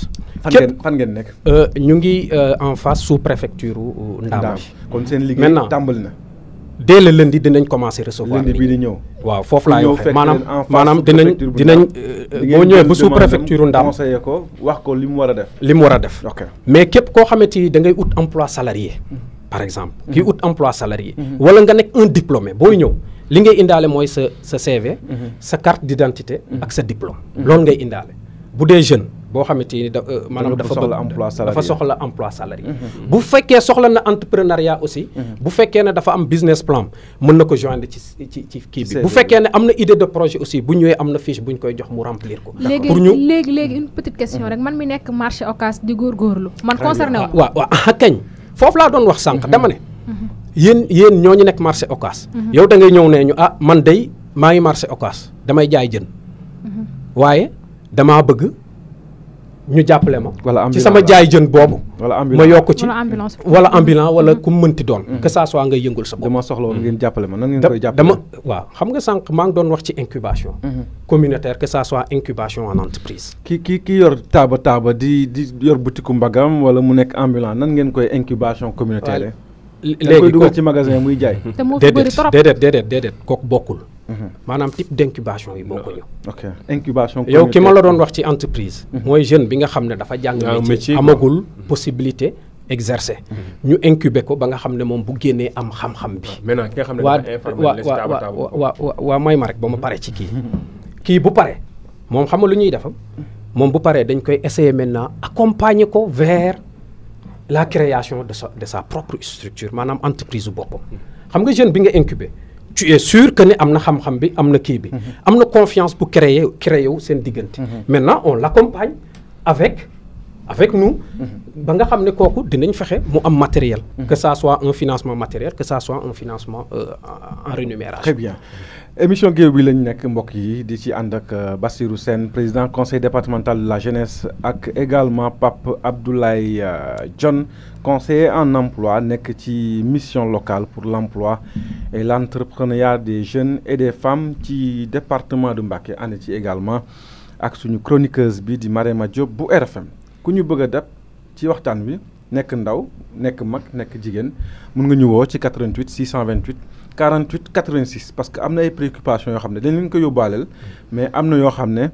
képp fan ngeen euh ñu ngi euh, en face sous préfecture Ndaam. kon seen liggéey tàmbali na dès le lundi dinañ commencer recevoir. lundi bii di ñëw waaw foofu la Manam, manam, maanaam dinañ dinañ euh, boo ñëwee ba sous préfecture Ndam conseiller ko wax ko lim wara def. lim wara def mais képp koo xamante ni da ngay ut emploi salarié. par exemple mm-hmm. ki ut emploi salarié. Mm-hmm. wala nga nek un diplômé booy ñëw li ngay indalé moy sa sa CV. Mm-hmm. sa carte d'identité ak sa diplôme. lool ngay indalé bu êtes jeune bo d'entrepreneuriat ni Vous euh, dafa emploi salarié dafa soxla emploi salarié mm-hmm. Mm-hmm. bu féké soxla na entrepreneuriat aussi mm-hmm. bu féké Vous business plan mën joindre ci ci idée de projet aussi bu fiche remplir une petite question rek man mi marché ne yeen yeen ñoo marché occas yow da ngay marché damaa bëgg ñu jàppale ma. wala ci sama jaay jën boobu. wala ma yokk ci wala ambulance wala mm-hmm. mm-hmm. ku mënti doon. Mm-hmm. que ça soit ngay yëngul sa bopp. dama soxla woon ngeen jàppale ma nan ngeen koy jàppale dama waaw xam sànq maa ngi doon wax ci incubation. communautaire que ça soit incubation en entreprise. ki ki ki yor taaba taaba di di yor butiku mbagam wala mu nekk ambulance nan ngeen koy incubation communautaire. léegi koy dugal ci magasin muy jaay. [LAUGHS] te moo fi bëri trop déedéet déedéet déedéet kooku bokkul. manam type d'incubation yi boko ñu ok incubation yow ki ma la doon wax ci entreprise. moy mhm. jeune bi nga xamne dafa jang ah, métier amagul mhm. possibilité. exercer mhm. ñu incuber ko ba nga xamne mom bu génné am xam-xam bi. maintenant ki nga xamne ne wa wa wa may ma rek ba ma ci ki ki bu paré mom xam lu ñuy defam mom bu paré dañ koy essayer maintenant accompagner ko vers la création de sa de sa propre structure manam entreprise su xam nga jeune bi nga incuber tu es sûr que nous avons mhm. confiance pour créer créer wu mhm. maintenant on l'accompagne avec avec nous. Mhm. ba nga xamné ne dinañ mu matériel. que ça soit un financement matériel que ça soit un financement euh, en rémunération. très bien émission géew bi lañ nekk mbok yi di ci and ak euh, Bassirou président conseil départemental de la jeunesse ak également Pape Abdoulaye euh, John conseiller en emploi nek ci mission locale pour l'emploi et l'entrepreneuriat des jeunes et des femmes ci département de Mbacké ànd ci également ak suñu chroniqueuse bi di Marema Diop bu RFM ku ñu bëgg a dab ci waxtaan bi nek ndaw nek mag nek jigen mun nga ñu wo ci 88 628 48 86 parce que am na ay préoccupations yoo xam ne dañ leen ko yóbbaaleel mais am na yoo xam ne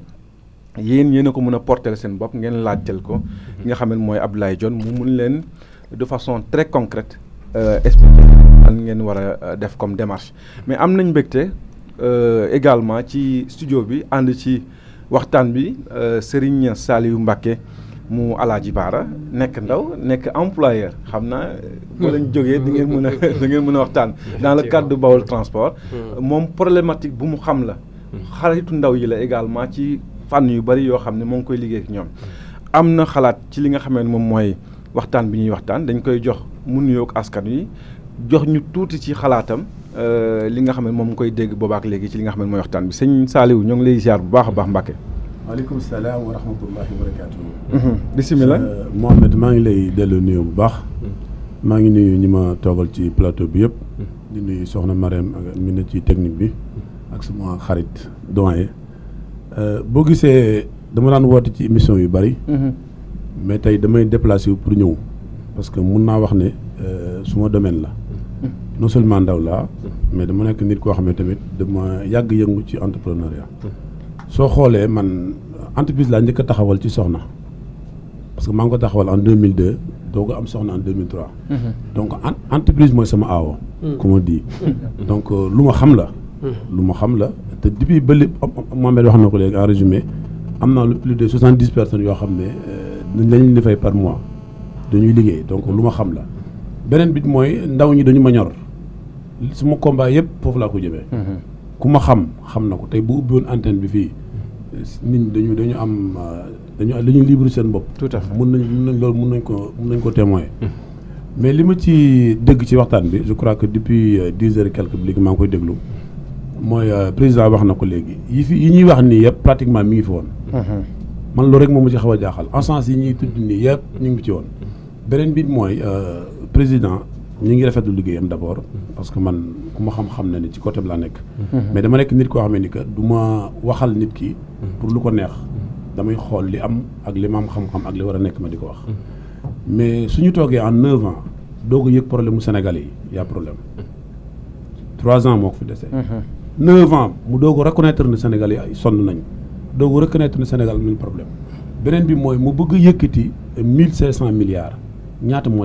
yéen yéen a ko mën a porteel seen bopp ngeen laajteel ko mhm. nga xam ne mooy Abdoulaye Dione mu mun leen de façon très concrète euh, expliquer lan ngeen war a euh, def comme démarche mais am nañ mbégte euh, également ci studio bi ànd ci waxtaan bi euh, Serigne Saliou Mbacké mu Alaaji Baara nekk ndaw nekk employeur xam naa. bu lañ jógee di ngeen mën a [LAUGHS] di ngeen mën a waxtaan. dans le cadre de Bawol transport. Hmm. moom problématique bu mu xam la. Hmm. xaritu ndaw yi la également ci fànn yu bari yoo xam ne moo ngi koy liggéey ak ñoom. Hmm. am na xalaat ci li nga xamee ne moom mooy waxtaan bi ñuy waxtaan dañ koy jox mu nuyoog askan yi jox ñu tuuti ci xalaatam. Euh, li nga xam ne moom koy dégg boobaak léegi ci li nga xam ne mooy waxtaan bi sëñ Saliou ñoo ngi lay ziar bu baax a baax Mbacke. alaykum salaam wa rahmatullahi wa barakaatu. Mhm. bismillah euh, Mohamed maa ngi lay delu nuyu bu baax. Mhm. maa ngi nuyu ñima togal ci plateau bi yëpp. Mhm. di nuyu soxna Marème ak min ci technique bi. ak suma xarit doyen. Euh, bo gisee dama daan woote ci émission yu bari. mais tey damay déplacer pour ñëw. parce que mun naa wax ne euh, suma domaine la. non seulement ndaw la mais dama nekk nit koo xam ne tamit dama yàgg yëngu ci entrepreneuriat so xoolee man entreprise laa njëkk a taxawal ci soxna parce que maa ngi ko taxawal en 2002 doo am soxna en 2003. Mhm. donc entreprise mooy sama aawo. comme on dit donc euh, lu ma xam la. Mm. lu ma xam la te depuis ba lépp Mohamed wax na ko léegi en résumé am naa lu plus de 70 personnes yoo xam ne euh, dañ leen fay par mois dañuy liggéey donc lu ma xam la beneen bit mooy ndaw ñi dañu ma ñor suma combat yëpp foofu laa ko jëmee. Mm-hmm. ku ma xam xam na ko tey bu ubbi woon antenne bi fii nit dañu dañu am euh, dañu dañu libre seen bopp. tout à fait mun nañ mën nañ loolu mun nañ ko mën nañ ko témoin. Hum. mais li ma ci dégg ci waxtaan bi je crois que depuis euh, dix heures quelque bi léegi maa ngi koy déglu mooy euh, président wax na ko léegi yi fi yi ñuy wax nii yëpp pratiquement mi ngi fi woon. man loolu rek moom mu ci xaw a jaaxal en sens yi ñuy tudd nii yëpp ñu ngi ci woon. Hum. beneen bi mooy président ñu ngi rafetlu liggéeyam d' abord parce que man ku ma xam-xam ne ni ci côté bi laa nekk. Mhm. mais dama nekk nit koo xam ne ni du ma waxal nit ki. pour lu ko neex. Mhm. damay xool li am ak li ma am xam-xam ak li war a nekk ma di ko wax. Mhm. mais suñu toogee en neuf ans doo ko yëg problème mu Sénégalais yi y' a problème trois ans moo ko fi dese. neuf ans mu doo ko reconnaître ne sénégal yi sonn nañu doo ko reconnaître ne Sénégal am nañu problème beneen bi mooy mu bëgg yëkkati mille cinq cent milliards ñaata moo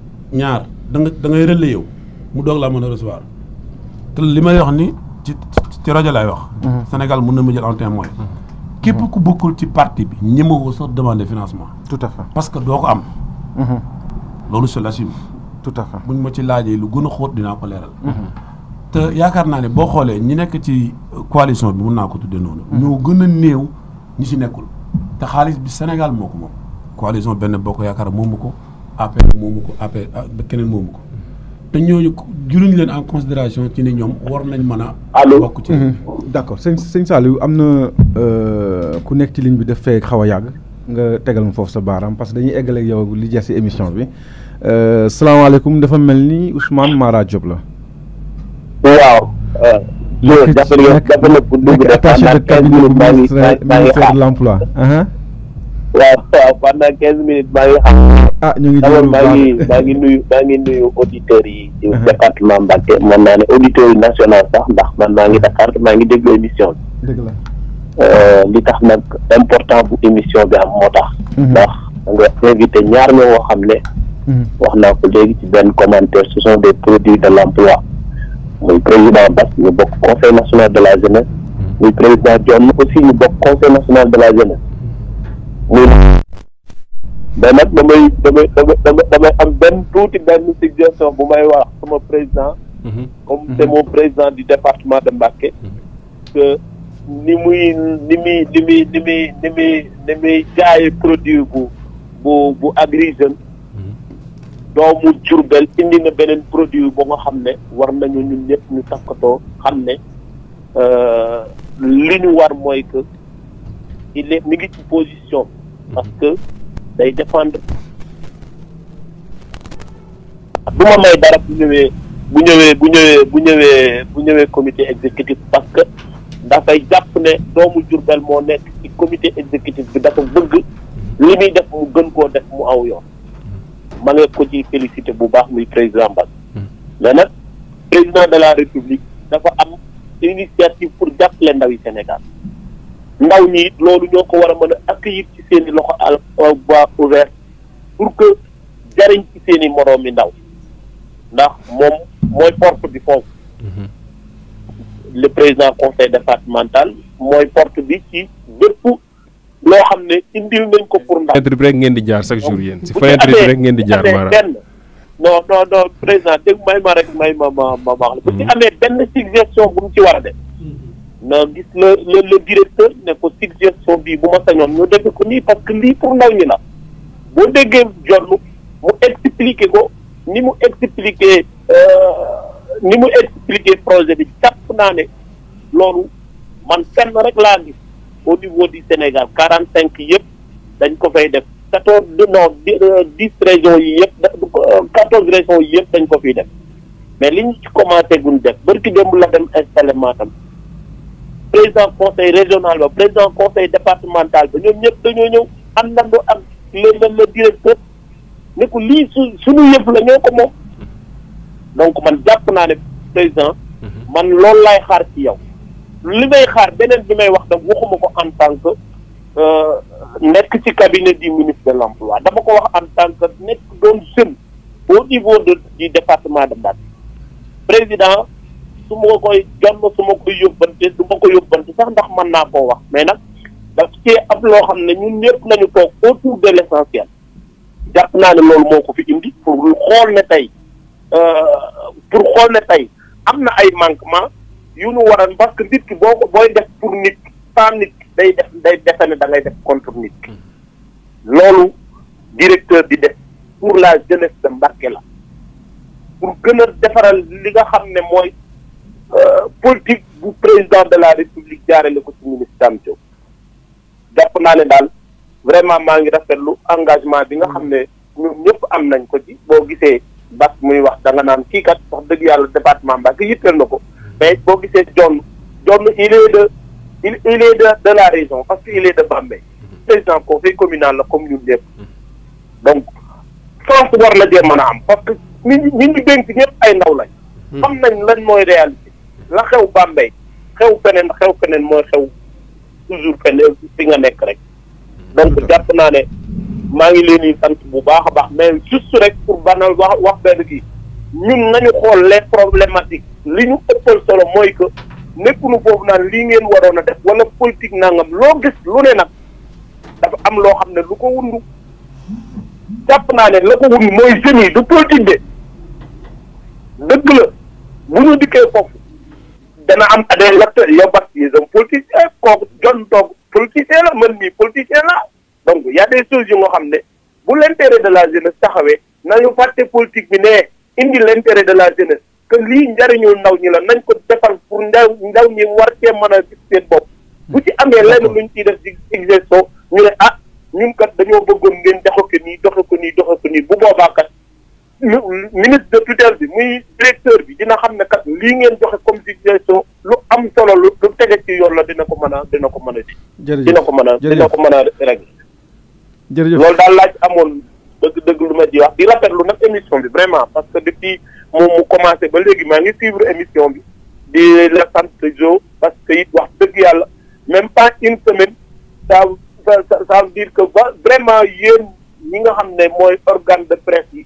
ñaar da nga da ngay relayer yow mu doog laa mën a recevoir te li may wax ni ci ci rajo laay wax. Mhm. Sénégal mun na ma jël en témoin. Mhm. képp ku bokkul ci parti bi ñemewoo sa demande financement. tout à fait parce que doo ko am. Mhm. loolu je l'assume. tout à fait buñ ma ci laajee lu gën a xóot dinaa ko leeral. te yaakaar naa ne boo xoolee ñi nekk ci coalition bi mun naa ko tuddee noonu. ñoo gën a néew ñi ci nekkul. te xaalis bi Sénégal moo ko moom. coalition benn boo ko yaakaar moomu ko. APR moomu ko APR ah, keneen moomu ko te ñooñu jëluñu leen en considération ci ni ñoom war nañ man a. allo bokk ci. Mhm. d' accord sëñ sëñ am na euh, ku nekk ci ligne bi daf fee xaw a yàgg nga tegal ma foofu sa baaraam parce que dañuy eggale ak yow li jeex si émission bi euh, salaamaaleykum dafa mel ni Ousmane Mara Diop la. waaw. Euh, nekk nekk attaché de cabinet ministre ministère waaw waaw pendant quinze minutes maa ngi xam. ah ñu maa ngi maa ngi nuyu maa ngi nuyu auditeurs yi. ci mhm. département Mbacké mën naa ne auditeurs yi national sax ndax man maa ngi Dakar maa ngi déglu émission bi. Euh, li tax nag important émission bi am moo tax. Mhm. ndax nga invité ñaar ñoo nga xam ne. Mhm. wax naa ko léegi ci benn commentaire ce sont des produits de l'emploi muy président Bass ñu bokk conseil national de la jeunesse. muy président Dione aussi ñu bokk conseil national de la jeunesse. muy mais nag damay damay damay damay am benn tuuti benn suggestion bu may wax sama président. Mhm. comme mhm. c'est mon président du département de Mbacké. Mhm. que ni muy ni muy ni muy ni muy ni muy ni produit bu bu bu Agri Jeunes. doomu Diourbel indi na beneen produit ba nga xam ne war nañu ñu ñëpp ñu takkatoo xam ne euh, li ñu war mooy que il est mi ngi ci position. parce que day défendre du ma may dara bu ñëwee bu ñëwee bu ñëwee bu ñëwee bu ñëwee comité exécutif parce que dafay jàpp ne doomu Diourbel moo nekk ci comité exécutif bi dafa bëgg li muy def mu gën koo def mu aw yoon ma nga ko ci félicité bu baax muy président Bass hmm. mais nag président de la république dafa am initiative pour jàppale ndawi Sénégal ndaw ñi loolu ñoo ko war a mën a accueillir ci seen i loxo al ba ouvert pour que jariñ ci seen i moroom yi ndaw ndax moom mooy porte bi foofu mhm. le président conseil départemental mooy porte bi ci bépp loo xam ne indil nañ ko pour ndaw. fenêtre bi rek ngeen di jaar chaque jour yéen si fenêtre bi rek ngeen di jaar maanaam non non non président dégg may ma rek may ma ma ma wax la mhm. bu ci amee benn suggestion bu mu ci war a def na gis le le directeur ne ko suggestion bii bu ma sañoon ñu def ko nii parce que lii pour ndaw ñi la boo déggee jorlu mu expliqué ko ni mu expliqué euh, ni mu expliqué projet bi jàpp naa ne loolu man fenn rek laa gis au niveau Sénégal quarante cinq yëpp dañ ko fay def quatorze non euh, dix régions yi yëpp quatorze régions yi yëpp dañ ko fiy def mais li ñu ci commencé guñ def barki démb la dem installé Matam président conseil régional ba président conseil départemental ba ñoom ñëpp dañoo ñëw àndandoo ak le la directeur ne lii su suñu yëpp la ñoo ko moom donc man jàpp naa ne président mhm. man loolu laay xaar ci yow li may xaar beneen bi may wax nag waxuma ko en tant que euh, nekk ci cabinet du ministre de l'emploi dama ko wax en tant que nekk doon jeune au niveau de du département de Mbacké président su ma koy jot su ma koy yóbbante du ko yóbbante sax ndax man naa koo wax mais nag daf cee ab loo xam ne ñun ñëpp nañu toog autour de l' essentiel naa ne loolu moo ko fi indi pour xool ne tey euh, pour xool ne tey am na ay manquement yu nu waral parce que nit ki boo ko booy def pour nit sans nit day def day defe ne def contre nit mm. loolu directeur di def pour la jeunesse de la pour gën a defaral li nga xam ne mooy politique bu président de la république jaarale ko ci ministre Dame Diop jàpp naa ne daal vraiment maa ngi rafetlu engagement bi nga xam ne ñoom ñëpp am nañ ko ci boo gisee Bas muy wax da naan kii kat wax dëgg yàlla département Mbacké yitteel na ko mais boo gisee John John il est de il il est de de la région parce que il de Bambey président conseil communal la comme ñun lépp donc France war la dee mën a am parce que ñi ñi ñu dénk ñëpp ay ndaw lañ hmm. xam mooy réalité la xew Bambey xew feneen xew feneen mooy xew toujours feneen fi nga nekk rek donc jàpp naa ne maa ngi leen di sant bu baax a baax mais juste rek pour banal wax wax benn kii ñun nañu xool les problématiques li ñu ëppal solo mooy que nekkuñu foofu naan lii ngeen waroon a def wala politique nangam loo gis lu ne nag dafa am loo xam ne lu ko wundu jàpp naa ne la ko wundu mooy jeunes yi du politique de dëgg la bu ñu dikkee foofu dana am des la yow Barth yi dem politicien kooku John Doog politicien la man mii politicien la donc y a des nga xam ne bu l'intérêt de la jeunesse taxawee nañu fàtte politique bi ne indi leen l'intérêt de la jeunesse que lii njariñu ndaw ñi la nañ ko defal pour ndaw ndaw ñi war cee mën a gis seen bopp bu ci amee lenn luñ ciy def ci exercice ñu ne ah ñun kat dañoo bëggoon ngeen doxe ko nii doxe ko nii doxe ko nii bu boobaa ministre de tutelle bi muy directeur bi dina xam ne kat lii ngeen joxe comme suggestion lu am solo lu lu tege ci yoon la dina ko mën a dina ko mën a di. jërëjëf dina ko mën a dina ko mën a régler. jërëjëf loolu daal laaj amoon dëgg dëgg lu ma ji wax di rafetlu nag émission bi vraiment parce que depuis moom mu commencé ba léegi maa ngi suivre émission bi di la sant Jo parce que it wax dëgg yàlla même pas une semaine ça sa ça veut dire que vraiment yéen ñi nga xam ne mooy organe de presse yi.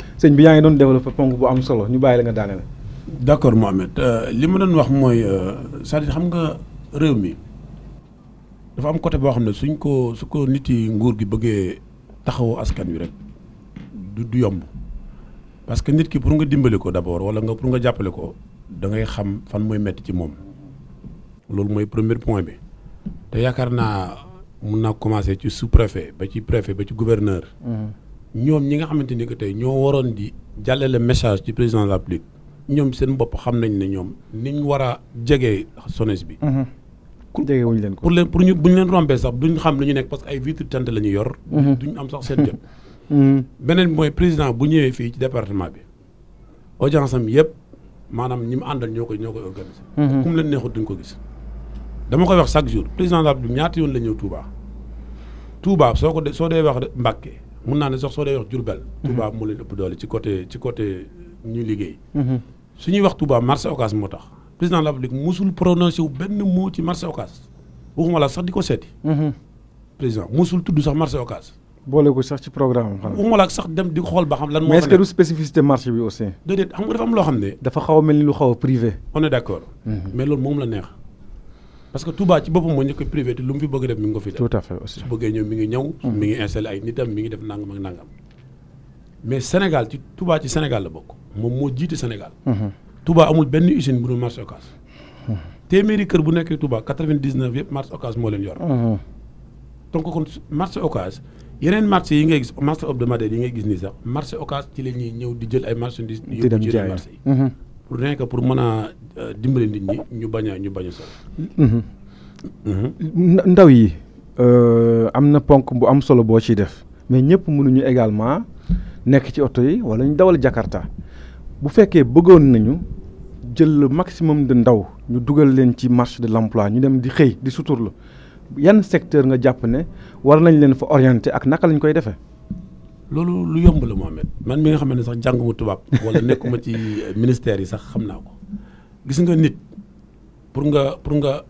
sëñ bi yaa ngi doon développé ponk bu am solo ñu bàyyi la nga daane la. d'accord Mohamed euh, li ma doon wax mooy euh, cest à xam nga réew mi dafa am côté boo xam ne suñ ko su ko nit yi nguur gi bëggee taxawu askan wi rek du du yomb parce que nit ki pour nga dimbali ko d'abord wala nga pour nga jàppale ko da xam fan mooy metti ci moom loolu mooy premier point bi te yaakaar naa mun naa commencer ci sous-préfet ba ci préfet ba ci gouverneur. Mm-hmm. Nous, ñi nga que di message du président de la République Nous, seen bopp xam nañ ne ñoom niñ war a jegee bi. Mhm. ko pour leen pour ñu buñ leen rombee sax duñ xam lu ñu nekk parce que ay vitre tente la yor. Mhm. duñ am sax seen [LAUGHS] mhm. président bu ñëwee fii ci département bi audience am yëpp maanaam ñi mu àndal ñoo koy ñoo koy ku duñ ko gis. dama koy wax chaque jour président de la République ñaata yoon la ñëw Touba Touba ko de soo mun naa ne sax soo dee wax Diourbel. moo leen ci côté ci côté ñu liggéey. Mm-hmm. wax président de la République musul prononcé wu benn mot ci marché waxuma la sax mm-hmm. président musul sax programme la sax ba mais est-ce que du spécificité marché bi aussi. déedéet xam nga dafa am a privé. on est d'accord. Mm-hmm. mais loolu moom la neex. parce que Touba ci boppam moo njëkk privé te lu mu fi bëgg def mi ngi ko fi def. su bëggee ñëw mi ngi ñëw. Mm-hmm. mi ngi installé ay nitam mi ngi def nangam ak nangam. mais Sénégal ci tubaa ci Sénégal la bokk moom moo jiite Sénégal. Mm-hmm. Touba amul benn usine bu dul marché Ocass. Mm-hmm. téeméeri kër bu nekkee tubaa 99 yëpp marché Ocass moo leen yor. donc kon marché Ocass yeneen marché yi ngay gis marché hebdomadaire yi ngay gis nii sax marché Ocass ci la ñuy ñëw di jël ay marchandises. di rien que pour mën a euh, dimbali nit ñi ñu baña ñu bañ a solo ndaw yi euh, am na ponk bu am solo boo ci def mais ñëpp mënuñu également nekk ci oto yi wala ñu dawal Jakarta bu fekkee bëggoon nañu jël le maximum de ndaw ñu dugal leen ci marché de l'emploi ñu dem di xëy di suturlu yan secteur nga jàpp ne war nañ leen fa orienter ak naka lañ koy defee. C'est lu que la Mohamed man mi nga xam ne sax jànguma tubaab wala nekkuma ci ministère yi sax xam ko gis nga nit pour nga pour nga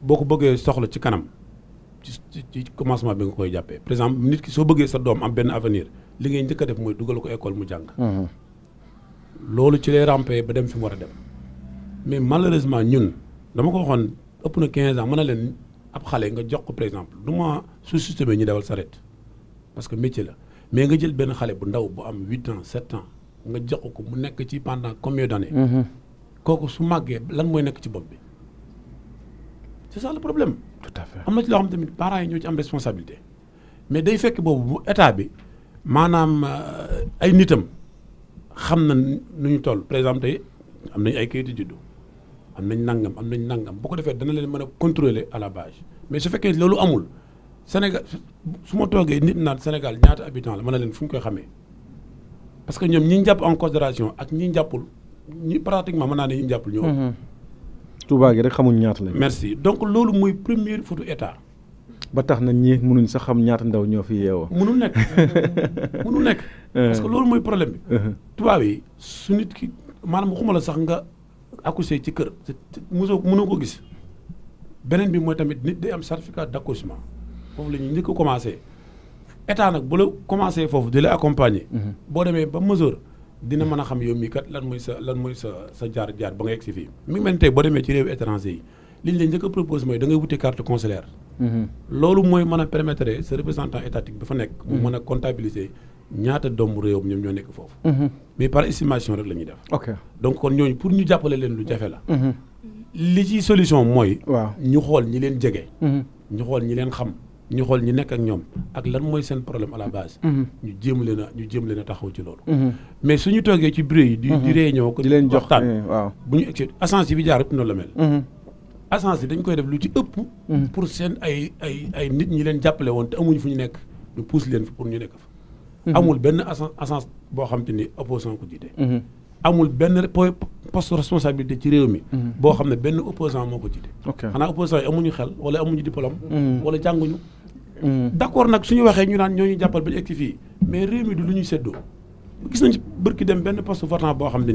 boo ko soxla ci kanam ci commencement bi par exemple nit ki soo bëggee sa doom am benn avenir li ngay def ko école mu jàng. Mhm. loolu ci lay rampé ba dem fi mais malheureusement ñun dama ko waxoon ëpp na 15 ans mën na leen nga jox ko par exemple système ñu s'arrête, parce que métier la mais nga jël benn xale bu ndaw bu am ans 7 ans nga jox mu nekk ci pendant combien d'années. Mhm. kooku su màggee lan mooy nekk ci bopp bi c'est ça le problème. tout à fait am na ci loo xam tamit parents responsabilité. mais day fekk boobu bu état bi maanaam euh, ay nitam xam ñu toll par nangam nangam à la base mais su fekkee loolu amul. Sénégal su ma toogee nit naan Sénégal ñaata habitant la mën na leen fu ñu koy xamee parce que ñoom ñi ñu jàpp en considération ak ñi ñu jàppul ñi pratiquement mën naa ne ñi ñu jàppul ñoo mm-hmm. Touba gi rek xamuñ ñaata lañ. merci donc loolu mooy première photo état. ba tax na ñi mënuñ sax xam ñaata ndaw ñoo fi yeewoo. mënul nekk [LAUGHS] mënul nekk. Eh. parce que loolu mooy problème bi. Uh-huh. tubaab yi su nit ki maanaam waxuma la sax nga accouché ci kër. mosoo mënoo ko gis beneen bi mooy tamit nit day am certificat d' accouchement. foofu la ñuy njëkk commencé état nag bu la commencé foofu di la accompagner. Mhm. boo demee ba mesure dina mën a xam yow mii kat lan mooy sa lan mooy sa sa jaar jaar ba nga egg si fii. mi ngi mel ni tey boo demee ci réew étranger yi li ñu la njëkk a proposé mooy da ngay wuti carte consulaire. Mhm. loolu mooy mën a permettre sa représentant étatique bi fa nekk. mu mhm. mën a comptabiliser ñaata doomu réewam ñoom ñoo nekk foofu. mais par estimation rek la ñuy def. ok donc kon ñooñu pour ñu jàppale leen lu jafe la. li ci solution mooy. waaw ñu xool ñi leen jege. ñu xool ñi leen xam ñu xol ñi nekk ak ñoom ak lan mooy seen problème à la base. Mhm. ñu jéem leen a ñu jéem leen a taxaw ci loolu. Mhm. mais suñu toogee ci bureau yi. di di mhm. réunion ko di leen jox eh, waaw bu ñu egsi agence yi bi jaar rek noonu la mel. agence yi dañ koy def lu ci ëpp. pour seen ay ay ay nit ñi leen jàppale woon te amuñu fu ñu nekk ñu pousse leen pour ñu nekk fa. amul benn agence boo xam te ni opposant ko jiite. amul benn poste responsabilité ci réew mi. boo xam ne benn opposant moo ko jiite. xanaa opposant yi amuñu xel wala amuñu diplôme. wala jànguñu. Mm. d'accord on suñu waxé ñu naan jappal fi mais réew mi du gis nañ barki dem ben poste votant bo xamni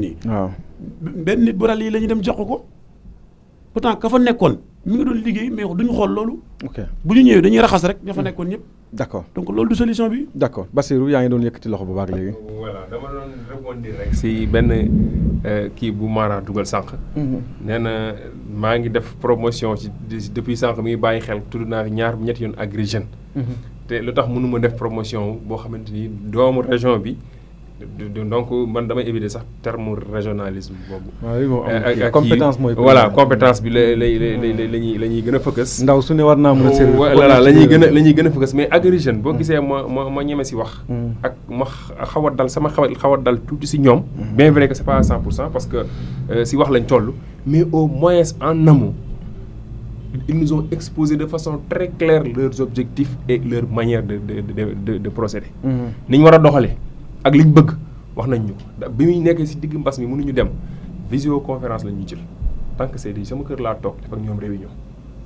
nit bu yi lañu dem jox pourtant ka fa nekkon mi doon liggéey mais duñu xool loolu bu ñu ñëwee dañuy raxas rek d'accord donc loolu du solution bi d'accord Bassirou yaa ngi doon yëkkati loxo bu baax voilà dama doon répondre rek si benn euh, kii bu mm-hmm. maa ngi def promotion ci depuis sànq mi bàyyi xel tudd naa ñaar ñetti yoon Agri Jeunes. Mhm. te lu tax mënuma def promotion boo xamante ni doomu région bi. donc man damay éviter sax terme régionalisme bobu waaw euh, compétence mooy. voilà compétence bi la la la ñuy la focus. ndaw suñu war na mën a servir. voilà la ñuy gën a focus mais Agri Jeunes boo hmm. gisee ma ma ma ñeme wax. Hmm. ak ma xaw dal sama xaw a dal tuuti ci ñom hmm. bien vrai que c'est pas à 100% parce que euh, si wax lañ tollu mais au moins en amont. ils nous ont exposé de façon très claire leurs objectifs et leur manière de de de de procéder. niñ wara war a doxalee. ak liñ bëgg wax nañ ñu bi muy nekkee si digg mbas mi mënuñu dem visioconférence la ñuy jël tant que c'est sama kër laa toog def ak ñoom réunion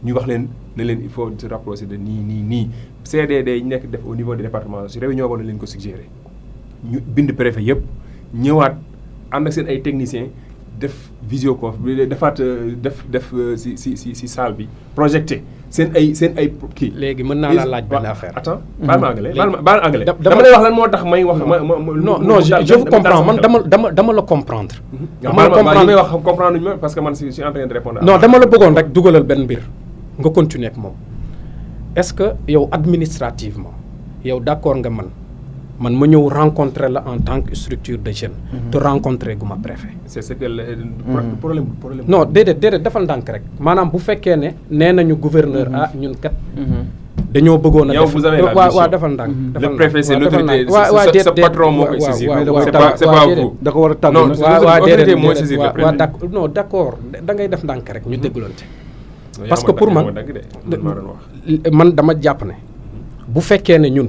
ñu wax leen ne leen il faut se rapprocher de nii nii nii CDD yi nekk def au niveau du département si réunion ba na leen ko suggéré ñu bind préfet yëpp ñëwaat ànd ak seen ay techniciens def visio conf defaat euh, def def euh, si si si si salle bi projecté seen ay seen ay kii. léegi mën naa la laaj benn affaire. attends baal mhm. ma anglais baal ma anglais. dama lay wax lan moo tax may wax. ma ma non non je vous comprends man dama dama dama la comprendre. Mhm. dama la comprendre may wax comprendre ma parce que man si si suis en train de répondre. non dama la bëggoon rek dugalal benn mbir nga continuer ak moom est-ce que yow administrativement yow d'accord nga man man ma ñëw rencontrer la en tant que structure de jeune te rencontrer guma préfet. c'est ce que problème problème. non dédé dédé defal ndànk rek manam bu fekkee ne nee nañu gouverneur a ñun kat. dañoo bëggoon a def wa defal ndank le préfet c'est l'autorité c'est ce patron mo koy saisir. c'est pas c'est pas vous da ko war a tànn non autorité mooy saisir le préfet non d'accord da ngay def ndank rek ñu dégloonte. parce que pour man man dama japp ne bu fekkee ne ñun.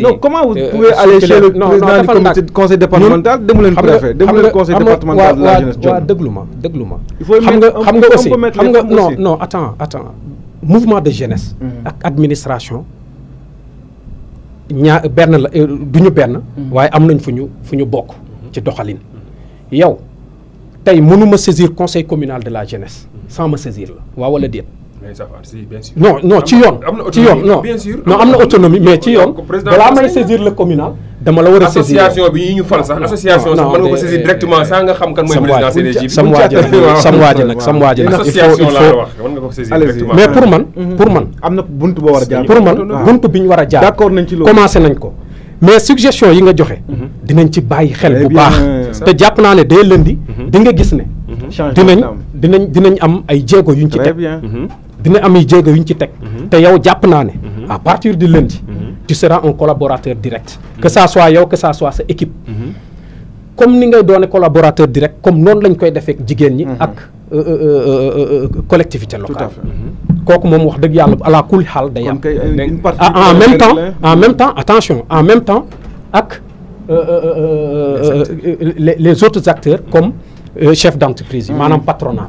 non comment vous euh, pouvez euh, aller chez le président du comité conseil départemental de leen préfet de le conseil départemental de la jeunesse waaw déglu il faut mettre. nga aussi non non attends attends mouvement de jeunesse mm-hmm. administration ñaa benn la euh, du ñu benn mm-hmm. am nañ fuñu fuñu bok ci doxaline yow tay mënuma saisir conseil communal de la jeunesse mm-hmm. sans me saisir la waaw wala déet mais ça si bien sûr. non non ci yoon. ci yoon non bien sûr. non amna autonomie mais ci yoon. balaa may saisir le communal. dama la war saisir association bi ñu fal sax. association sax mën nga saisir directement sans nga xam kan moy président CDJ. sam waaji sam waaji nag sam waaji nag il faut il faut mais pour man. Mm-hmm. pour man amna buntu bo wara jaar pour man buntu bi ñu war jaar. d'accord nañ ci loolu commencé nañ ko. mais suggestion yi nga joxé, mm-hmm. dinañ ci bàyyi xel bu eh baax. te japp naa ne dès lundi. Mm-hmm. di nga gis né dinañ dinañ dinañ am ay jéego yuñ ci teg dina am jéego ci tek mhm. te yow japp mhm. à partir du lundi. Mhm. tu seras un collaborateur direct. que ça soit yow que ça soit sa équipe. comme ni ngay doone collaborateur direct comme non lañ koy ak jigen ñi. ak collectivité locale. koku mom wax deug yalla ala kul hal day euh, ah, en même temps en même temps attention en même temps ak euh, euh, les autres acteurs comme chef d'entreprise manam patronat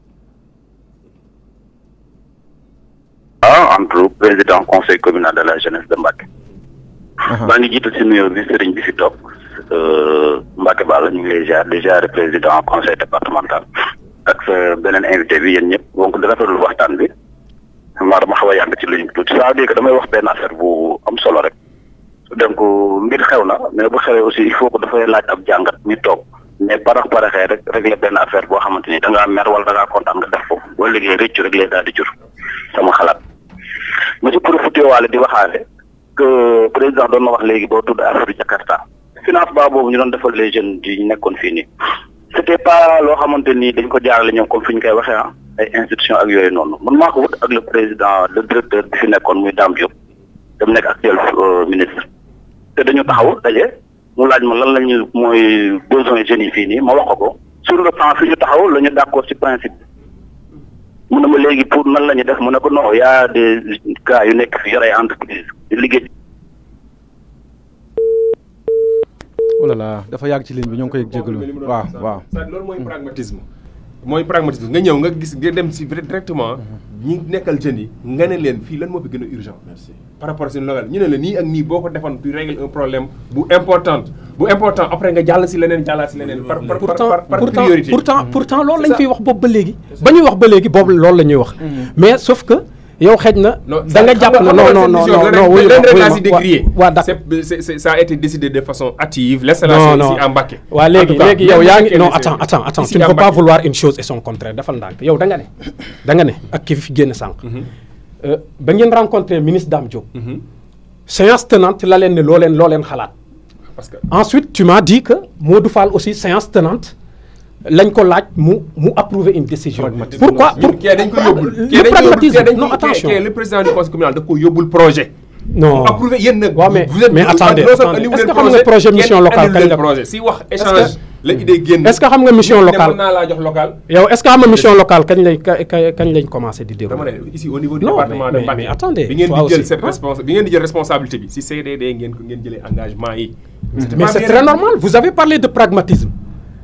débat entre président conseil communal de la jeunesse de Mbacké uh-huh. maa ngi jiital si nuyoo bi sëriñ bi fi toog euh, Mbacké Balla ñu ngi lay jaar déjà président conseil départemental ak sa beneen invité bi yéen ñëpp donc di rafetlu waxtaan bi maa dama xaw a yàgg ci liñ bi tuuti ça veut dire damay wax benn affaire bu am solo rek donc mbir xew na mais bu xewee aussi il faut que dafay laaj ab jàngat ñu toog mais parax paraxee rek réglé benn affaire boo xamante ni da ngaa mer wala da ngaa def ko wala léegi rëccu rek daal di jur sama xalaat ma si profité di waxaale que président doon na wax léegi boo tudd affaire Jakarta financement boobu ñu doon defal les jeunes yi nekkoon fii nii c'était pas loo xamante nii dañ ko jaarale ñoom comme fi ñu koy waxee ah, ay institution ak yooyu noonu man maa ko wut ak le président le directeur bi fi nekkoon muy Dame Diop dam nekk actuel euh, ministre te dañu taxaw daje mu laaj ma lan la ñu mooy besoin jeunes yi fii nii ma wax ko ko sur le plan fi ñu taxaw la ñu d'accord ci principe mun ne ma léegi pour nan la ñu def mu ne ko non y a des gars nekk fi yore ay entreprise di liggéey. oh là là dafa yàgg ci ligne bi ñoo ngi koy jégalu waaw waaw. loolu mooy pragmatisme. mooy pragmatisme nga ñëw nga gis nga dem si directement mhm. ñi nekkal jeunes nga ne leen fii lan moo fi gën a urgent par rapport ak seen local ñu ne la nii ak nii boo ko defoon tu règle un problème bu important bu important après nga jàll si leneen jàllaat si leneen par priorité pourtant pourtant loolu lañ fiy wax boobu ba léegi ba ñuy wax ba léegi boobu loolu la ñuy wax mhm. mais sauf que yow xejna da nga japp non non non non c'est c'est ça a été décidé de façon hâtive laisse la ici à Mbacké wa légui légui yow non attends attends attends tu ne peux pas vouloir une chose et son contraire dafal ndank yow da nga né da nga né ak ki fi génn mhm. euh ba ministre Damjo Diop mhm. séance tenante la len ne loo leen loo parce que ensuite tu m'as dit que Modou Fall aussi séance tenante lañ ko laaj mu mu approuver une décision. pourquoi ko le pragmatisme non attention le président du conseil communal da ko projet. non approuver yéen nag. waaw mais mais attendez attendez est-ce que xam un projet mission locale kañ le projet si wax échange. les idées. est-ce que xam nga mission locale est-ce que xam nga mission locale kañ lay kañ lañ commencé di déroulé. ici au niveau du département de Mbacké. mais attendez bi ngeen di jël hein? responsabilité bi ngeen di jël responsabilité bi si CDD ngeen ngeen engagement yi. mais c'est très normal vous avez parlé de pragmatisme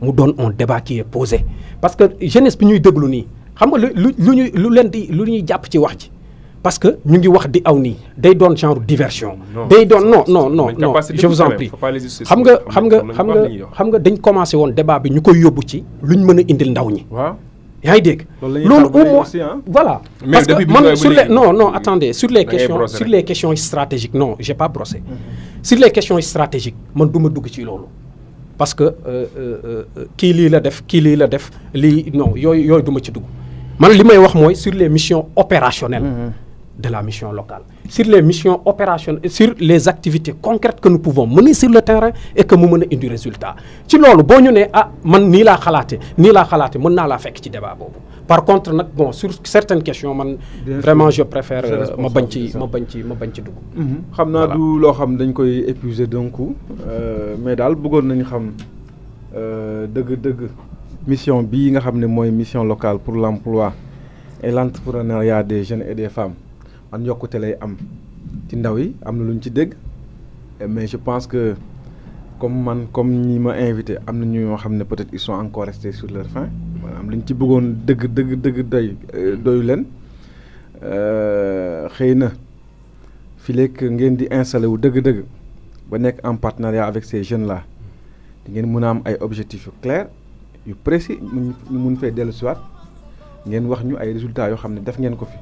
mu donne un débat qui est posé parce que jeunesse bi ñuy déglu nous xam nga lu lu lu parce que ñu ngi wax di aw day genre diversion. day doon non non non non je vous en prie xam nga xam nga xam nga xam nga dañ commencé won débat bi ñu koy ci luñ mën indil ndaw ñi. Hein. voilà que les non non attendez sur les questions sur les questions stratégiques non j'ai pas brossé mm-hmm. sur les questions stratégiques man dugg parce que qui euh, euh, euh, lit la def qui lit la def non, non yoy yoy du ci man li may wax sur les missions opérationnelles mm-hmm. de la mission locale sur les missions opérationnelles sur les activités concrètes que nous pouvons mener sur le terrain et que nous menons du résultat ci vous bo ñu né ah man ni la xalaate ni la xalaate mën naa fekk débat par contre nak, bon sur certaines questions man vraiment je préfère euh, ma bañ ma bañ ma bañ du dugg mhm. xam naa du loo xam dañ koy épuiser d'un coup euh, mais dal bëggoon nañu xam deug deug mission bi nga xam moy mission locale pour l'emploi et l'entrepreneuriat des jeunes et des femmes man yokkute lay am ci ndaw yi am na ci deug mais je pense que comme man comme ñi ma invité am na ñu xam ne peut-être ils sont encore restés sur leur fin maanaam liñ ci bëggoon dëgg dëgg dëgg doy euh, doyu leen euh, xëy na fi lekk ngeen di installé wu dëgg-dëgg ba nekk en partenariat avec ces jeunes là di ngeen mën a am ay objectifs yu clairs yu précis ñu mun fay dellu siwaat ngeen wax ñu ay résultats yoo xam ne def ngeen ko fi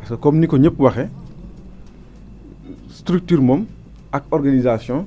parce que comme ni ko ñëpp waxee structure moom ak organisation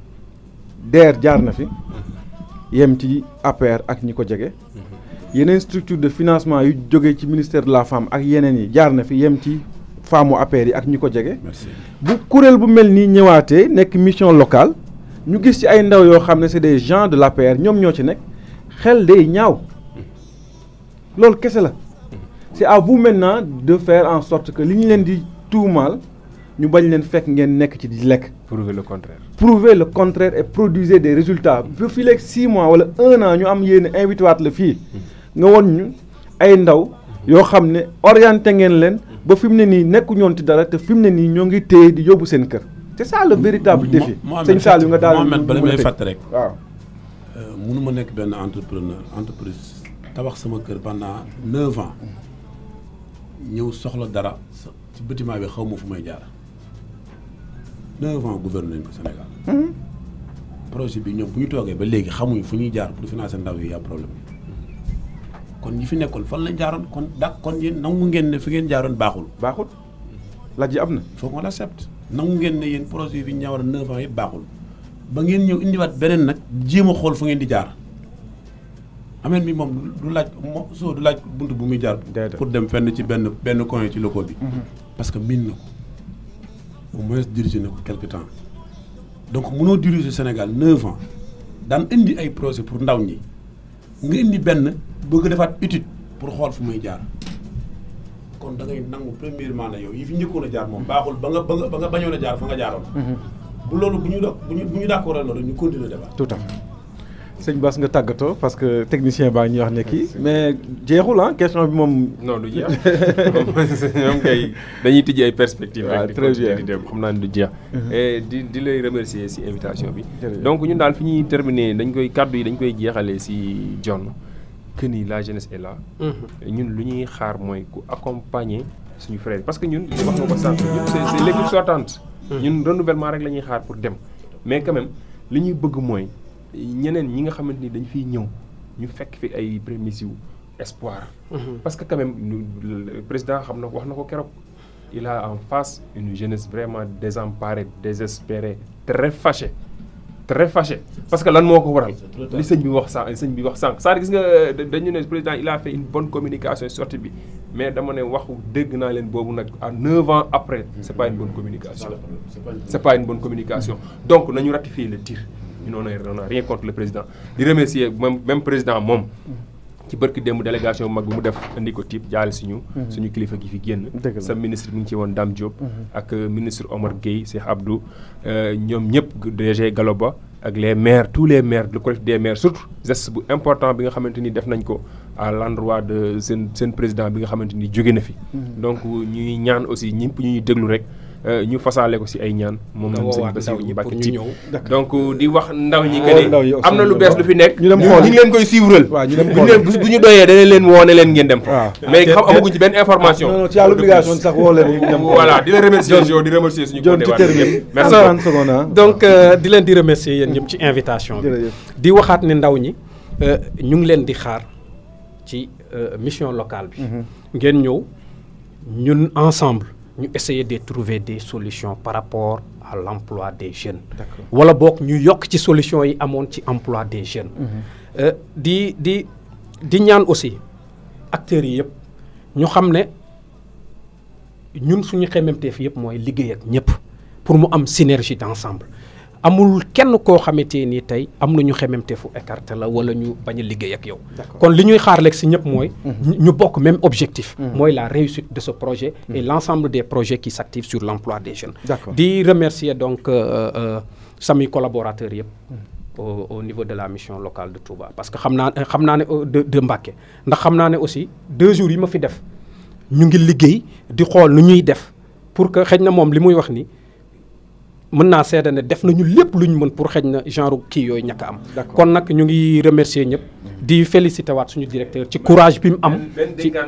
DER jaar na fi yem ci APR ak ñi ko jege yeneen structure de financement yu jóge ci ministère de la femme ak yeneen yi jaar na fi yem ci femmu APR yi ak ñi ko jege bu kurel bu mel ni ñëwaatee nekk mission locale ñu gis ci ay ndaw yo xamné c'est des gens de l'APR ñoom ñoo ci nek xel day ñaaw loolu kese la c'est à vous maintenant de faire en sorte que li ñu leen di mal ñu bañ leen fekk ngeen nek ci di lek prouver le contraire prouver le contraire et produire des résultats Si fileeg 6 mois ou 1 an ñu am un invité nous la fii nga won ñu ay ndaw yo orienté ngeen ba ne c'est ça le véritable défi Je suis nga entrepreneur entreprise tabax pendant 9 ans ñew soxla dara ci bi fu may neuf ans gouverné nañ ko mhm. projet bi ñoom bu ñu toogee ba léegi xamuñu fu ñuy jaar pour financer ndaw yi y' a problème kon ñi fi nekkoon fan lañ jaaroon kon dak kon yéen nangu ngeen ne fi ngeen jaaroon baaxul. baaxul laaj yi am na. foog nga set nangu ngeen ne yéen projet bi ñu ñaawoon neuf ans yëpp baaxul ba ngeen ñëw indiwaat beneen nag jéem a xool fu ngeen di jaar. ameen bi moom du laaj mo soo du laaj bunt bu muy jaar. pour dem fenn ci benn benn coin ci locaux bi. Mhm. au moins dirigé depuis quelque temps donc dirige le Sénégal 9 ans Dans indi ay projet pour nous ñi indi pour nous. fu muy jaar kon da ngay nangu premièrement yow yi fi a jaar mom baaxul ba nga ba nga jaar fa nga jaaroon. Mhm. bu loolu bu ñu bu ñu d'accord continuer débat tout à fait sëñ Bass nga tagato parce que technicien ba ñuy wax ne ki mais jeexul hein question bi mom non du jeex ñoom [LAUGHS] kay dañuy tijji ay perspectives. rek di dem xam naa ne du mhm. et di di lay remercier si invitation bi. donc ñun dal fi ñuy terminer dañ koy cadeau yi dañ koy jeexalee si John. que ni la jeunesse est là. Mhm. ñun lu ñuy xaar moy ku accompagner suñu frère parce que ñun wax nga ko sànq ñun c'est l'équipe sortante. Mhm. ñun renouvellement rek la ñuy xaar pour dem mais quand même li ñuy bëgg mooy ñeneen ñi nga xamante ni dañ fiy ñëw ñu fekk fi ay espoir. Mhm. parce que quand même le président xam na wax na il a en face une jeunesse vraiment désemparée désespérée très fâchée très fâchée parce que lan moo ko waral li sëñ bi wax sànq sëñ bi wax sànq saa gis nga dañu ne président il a fait une bonne communication sortie bi mais dama ne waxu dégg naa leen boobu nag à 9 ans après c'est pas une bonne communication c'est pas une bonne communication donc nañu ratifier le tir ñun on a rien contre le président di remercier même même président mom ci barki démb délégation mag bi mu def indi ko tiib jaale suñu mhm. suñu kilifa gi fi génn sa ministre mi ngi ci woon dam Diop mhm. ak euh, ministre Omar Gay, Cheikh Abdou euh, ñom ñep DG Galoba ak les maires tous les maires le collectif des maires surtout geste bu important bi nga xamanteni def nañ ko à l'endroit de ce président bi nga xamanteni jogé na fi mhm. donc euh, ñuy ñaan aussi ñëpp ñuy déglu rek euh, ñu fasaale ko ci ay ñaan moom moom sëñ ba ñu bàkk ci donc di wax ndaw ñi ah, que amna lu bess lu fi nekk ñu ngi leen koy suivral buñ leen bu ñu doyee dana leen woné leen ngeen dem ah. mais xam amaguñ ci ben information non non ci obligation sax wo leen dem voilà di la remercier jo di remercier suñu ko di côté merci hein. donc euh, ah. di leen di remercier yeen ñëp ci invitation bi di waxat ni ndaw ñi euh, ñu ngi leen di xaar ci mission locale bi mm-hmm. ngeen ñëw ñun ensemble nous essayons de trouver des solutions par rapport à l'emploi des jeunes Voilà pourquoi ñu York ci solution à mon emploi des jeunes mhm. euh, di di di aussi aussi acteurs qui nous ñu nous sommes ñun suñu xememteef pour mu am synergie ensemble amul kenn koo xamante ni tey am na ñu xememteefu écarté la wala ñu bañ a liggéey ak yow. kon li ñuy xaar rek si ñëpp mooy. Mhm. ñu bokk même objectif. Mhm. mooy la réussite de ce projet. Mhm. et l'ensemble des projets qui s'activent sur l'emploi des jeunes. di remercier donc euh, euh, sami collaborateurs yëpp. Au, niveau de la mission locale de Touba. Parce que je sais, je deux de, de Mbaké. Je sais aussi, deux jours, def ñu ngi Nous avons travaillé, nu ñuy fait pour que, je sais, li muy wax ni. mën naa seede ne def nañu lépp lu ñu mën pour xëj na genre kii yooyu ñàkk am. kon nag ñu ngi remercier ñëpp. di féliciter waat suñu directeur ci courage bi mu am. ci benn dénkaan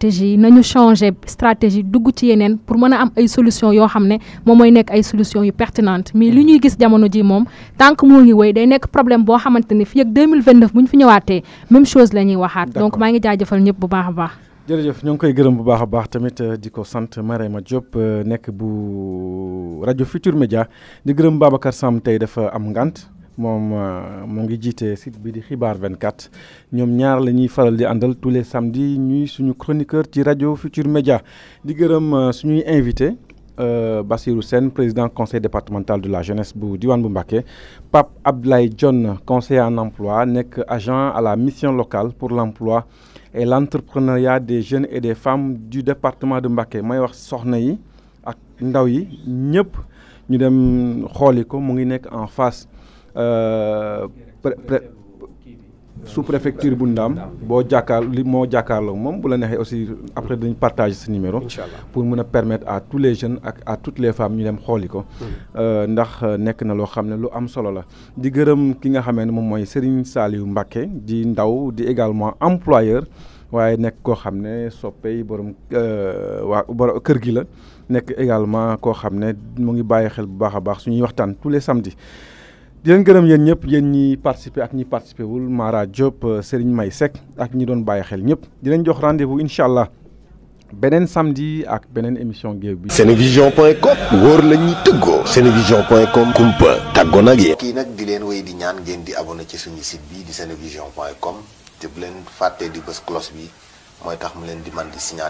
stratégie yi nañu changer stratégie dugg ci yeneen pour mën a am ay solution yoo xam ne moom mooy nekk ay solution yu pertinente mais li ñuy gis jamono ji moom tant que moo ngi woy day nekk problème boo xamante ni fii ak 2029 bu ñu fi ñëwaatee même chose la ñuy waxaat donc maa ngi jaajëfal ñëpp bu baax a baax jërëjëf ñoo ngi koy gërëm bu baax a baax tamit euh, di ko sant Marème Diop euh, nekk bu rajo Futur Média di gërëm Babacar Sam tey dafa am ngant moom euh, mu ngi jiite site bi di 24 Nous ñaar la ñuy faral di tous les samedis ñuy suñu chroniqueur ci Radio Futur Média di gërëm euh, suñuy invité euh, Bassirou Sen, président conseil départemental de la jeunesse bu Diwan Pape Abdoulaye John conseiller en emploi agent à la mission locale pour l'emploi et l'entrepreneuriat des jeunes et des femmes du département de Mbake may wax soxna yi ak ndaw yi ñëpp ñu en face sous préfecture bundam aussi après de partager ce numéro pour nous permettre à tous les jeunes à toutes les femmes de dem hmm. euh, euh, na lo lu am solo la di ki nga également employeur nek ko euh, borom kër la également ko ngi baax suñuy tous les samedis di leen gërëm yéen ñëpp yéen ñi participer ak ñi participer wul Mara Diop euh, Serigne May Seck ak ñi doon bàyyi xel ñëpp di leen jox rendez-vous incha allah beneen samedi ak beneen émission géew bi. senevision.com wóor la ñuy tëggoo. senevision.com kumpa tàggoo ak yéen. kii nag di leen wéy di ñaan ngeen di abonné ci suñu site bi di senevision.com te bu leen fàttee di bës cloche bi mooy tax mu leen di man di signaler.